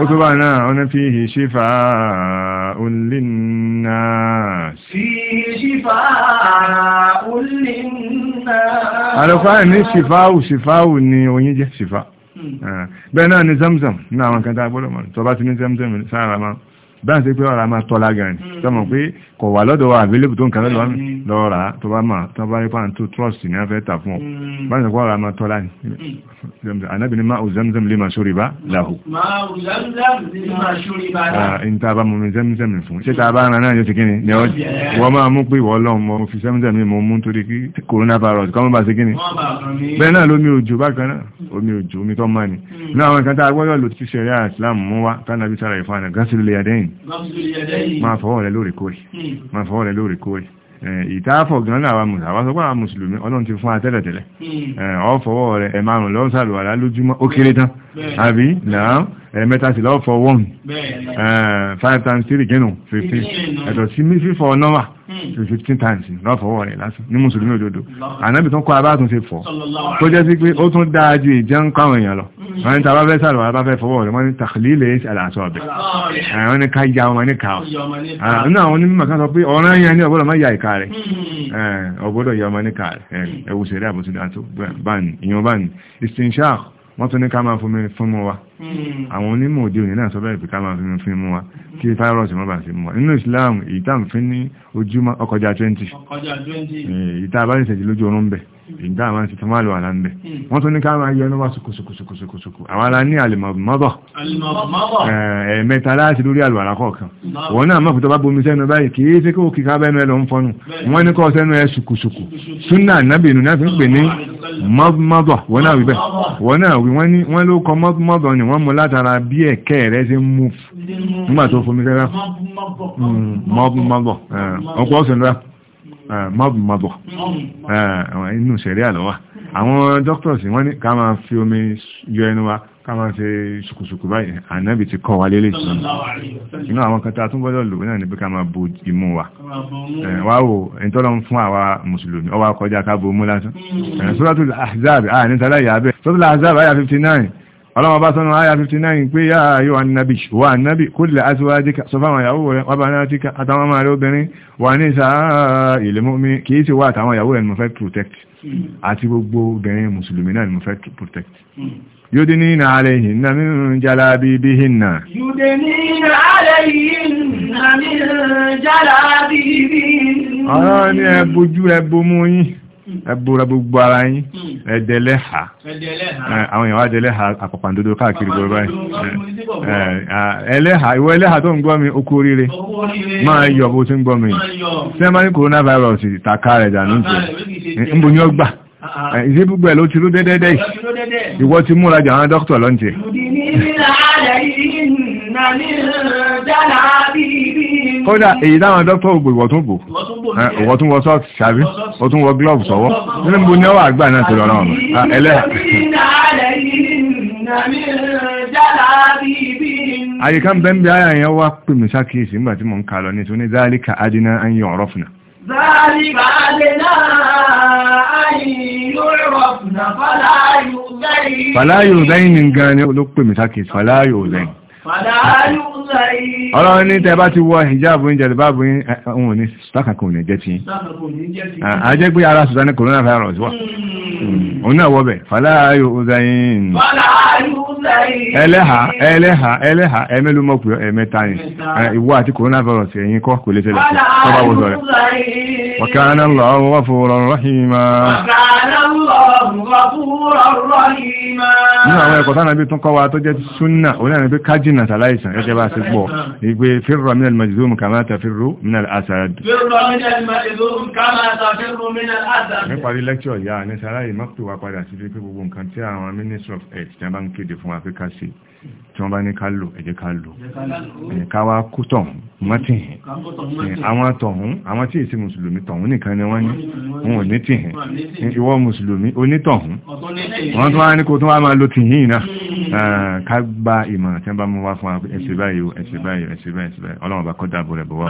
ó tó bá náà ọ̀nà fi hì ṣífà olínà sí ṣífà olínà alùfáà ní ṣífàáwù ṣífàáwù ni oyin jẹ́ ṣífà hmm. ah, bẹ́ẹ̀ náà ni zamzam ní àwọn kan tá gbọ́dọ̀ mọ̀ tó ti ní zamzam sára máa bá ń ṣe pé ọ̀rá máa tọ́lá gan kò wà lọ́dọ̀ wa àbílẹ̀ tó nǹkan lọ́dọ̀ mm. lọ́ra tó bá máa tó bá rí pàǹtó trust ní afẹ́ tà fún ọ bá ń sọ̀kọ́ ara máa tọ́lá ní mm. anábìnrin máa ò zamzam lè máa ṣórí bá láhù. máa ò zamzam lè máa ṣórí bá láhù. Ah, ní mú mi zamzam fún ṣé ta bá ara náà yóò ti kíni ni wọ́n máa mú pé ìwọ ọlọ́run mo fi zamzam mi mo mú nítorí kí coronavirus kọ́ mọ́ bá ṣe kíni. bẹ́ẹ̀ náà lómi òjò bákan náà omi òjò omi tó máa ní. ní àwọn nǹkan tá a gbọ́dọ̀ máa fọwọ́ rẹ lóòrèkóòrè ìtaáfọ̀ gan láwa mùsùlùmí àwọn sọpọ̀ àwọn mùsùlùmí ọlọ́run ti fún atẹ́lẹ̀tẹ́lẹ̀ hmm. ọ̀fọwọ́ rẹ̀ ẹ̀márùn lọ́n sàlùwàlá lójúmọ́ ó kéré tán àbí náà ẹ̀mẹ́ta sí lọ́fọ̀ 1 5 times 3 gẹ́nù 15 ẹ̀tọ̀ sí fífọ̀ nọ́wà Hmm. to fifteen times lọ́fọ̀ọ́wọ́ rẹ̀ lásán ní mùsùlùmí òdodo hmm. ànábì tó kọ́ abá tún ṣe fọ̀ tó jẹ́ sí pé ó tún dáa ju ìjẹ́ ń kọ́ àwọn èèyàn lọ hmm. wọ́n ní tàbá fẹ́ sàrọ̀ abá fẹ́ fọwọ́ rẹ̀ wọ́n ní tàkìlílẹ̀ àlàsọ ọ̀bẹ̀ wọ́n ní ká ya ọmọ ní ká ọ̀ nínú àwọn onímọ̀ kan sọ pé ọ̀rọ̀ yẹn ní ọ̀gbọ́dọ̀ má ya ìka rẹ̀ ọ̀gbọ́dọ̀ ya ọmọ ní ká rẹ̀ ẹ̀wù sẹ̀rẹ̀ àbòsílẹ̀ àtó báyìí ìyọ̀n báyìí istinshaq wọ́n tún ní ká máa fún mú wa hmm. àwọn onímọ̀ òde òní náà sọ bẹ́ẹ̀ pé ká máa fún mú wa kí fáírọ̀sì má sí mú wa Islam èyí tá à ń fi ní ojúmọ́ ọkọjá 20 hmm, èyí tá a bá lè ṣẹ̀jì lójú oorun bẹ̀ èyí tá a máa ń ṣe tó máa lò àlá ń bẹ̀ hmm. wọ́n tún ní ká máa yẹnu wá sùkùsùkùsùkùsùkù àwọn ará ní àlèmọ̀bọ̀ eh, ẹ̀ẹ̀mẹ́ta láti lórí àlùwàlá kọ̀ọ̀kan wọ́n náà mọ̀ tó bá mọ́dọ̀ wọ́n náà wí bẹ́ẹ̀ wọ́n náà wí wọ́n ní wọ́n ló kọ mọ́dọ̀ ni wọ́n mú látara bí ẹ̀kẹ́ rẹ̀ ṣe ń mú nígbà tó fomi kẹ́rẹ́ hmm, mọ́dọ̀ eh, ọ̀pọ̀ ọ̀sẹ̀ ńlá eh, mọ́dọ̀ eh, inú sẹ̀rí àlọ́wà àwọn dókítọ̀sì wọ́n ní ká máa Kama se ṣùkùṣùkù báyìí ànábì ti kọ́ wa lélẹ̀ sí inú àwọn kẹta tún gbọ́dọ̀ lò náà ní pé ká máa bo imú wa wá wò ìtọ́lọ́ fún àwa mùsùlùmí ọwá kọjá ká bo mú lásán Suratul Ahzab àà níta láyé abẹ́ Suratul Ahzab àyà 59 ọlọ́wọ́ bá sọ́nà àyà 59 pé yá ayò annabi wà annabi kulli azwajika sọ fáwọn ìyàwó rẹ̀ wà banatika àtàwọn ọmọ rẹ̀ protect àti gbogbo obìnrin mùsùlùmí náà ni mo fẹ́ protect يدنين عليهن من جلابيبهن يدنين عليهن من جلابيبهن na ni ẹbójú ẹbómú yín ẹbúra gbogbo ara yín ẹ̀dẹ̀lẹ́ha àwọn èèyàn wá dẹ̀lẹ́ha àpàpàndòdó káàkiri gbogbo báyìí ẹlẹ́ha ìwọ ẹlẹ́ha tó ń mi okú oríire máa yọ bó tí ń gbọ́ mi Eh, ìṣe gbogbo ẹ̀ ló ti rú dẹ́dẹ́dẹ́ ìwọ ti múra jà àwọn dókítà lọ́njẹ́ kódà èyí dáwọn dókítà ògbò ìwọ tún bò eh, ìwọ tún wọ sọ́ọ̀tì ṣàbí ó tún wọ glove sọ́wọ́ nínú gbogbo ní ọwọ́ àgbà náà ti rọra ọ̀nà ẹlẹ́yà àyíká bẹ́ẹ̀ bí ayà yẹn wá pè mí sákìsì nígbà tí ń kà lọ nítorí dáríkà adínà ń yọ̀ ذلك أدنى أن يعرفن فلا يؤذين فلا يؤذين gan ni ló pè mí sákèsí فلا يؤذين ọlọ́run ní tẹ́ bá ti wọ hijab ní jẹ̀lẹ̀bá bú ní ohun ní stákàkù ní jẹ́ tí a jẹ́ pé ara sùdánì coronavirus wà hmm. òun náà wọ́bẹ̀ fàláàyò ọ̀záyìn ẹlẹ́ha ẹlẹ́ha ẹlẹ́ha ẹmẹ́lúmọ́pù ẹ̀mẹ́ta ni ìwọ àti coronavirus ẹ̀yìn kọ́ kò lè tẹ́lẹ̀ tó bá wọ́sọ̀ rẹ̀ wàkánà lọ́wọ́ wọ́fúrọ̀ rọ́hìmá nínú àwọn ẹ̀kọ́ tánàbí tún kọ́ wa náà sàláìsàn gẹ́gẹ́ bá sí pọ̀ ìgbé fírọ̀ mínal majzum kama tafirru mínal asad níparí lẹ́kṣọ̀ yà ní sàláì mọ́pù wa padà sí pé gbogbo nǹkan tí àwọn minister of health tí a bá ń kéde fún Áfíríkà sí tí wọ́n bá ní ká lò ẹ̀jẹ̀ ká lò káwá kú tọ̀hún wọ́n tì hìn àwọn tọ̀hún àwọn tí èsì mùsùlùmí tọ̀hún nìkan ni wọ́n ní wọn ò ní tì hìn ìwọ mùsùlùmí onítọ̀hún wọ́n tún wá ní kó tún wá máa lo tì hìn náà hmm. ká gba ìmọ̀ràn tí wọ́n bá mú wá fún ẹsẹ̀ báyìí ẹsẹ̀ báyìí ẹsẹ̀ báyìí ọlọ́run bá kọ́dà bọ̀rẹ̀ bọ̀ wá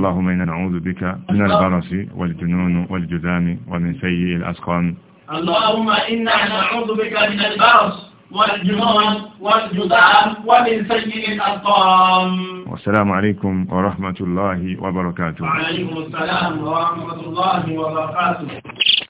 Allahumma inna na'udhu bika min al-barasi wal-junun wal-judami wa min sayyi al-asqam Allahumma inna na'udhu bika min al-barasi والجنون والجذام ومن سيء الأطام والسلام عليكم ورحمة الله وبركاته وعليكم السلام ورحمة الله وبركاته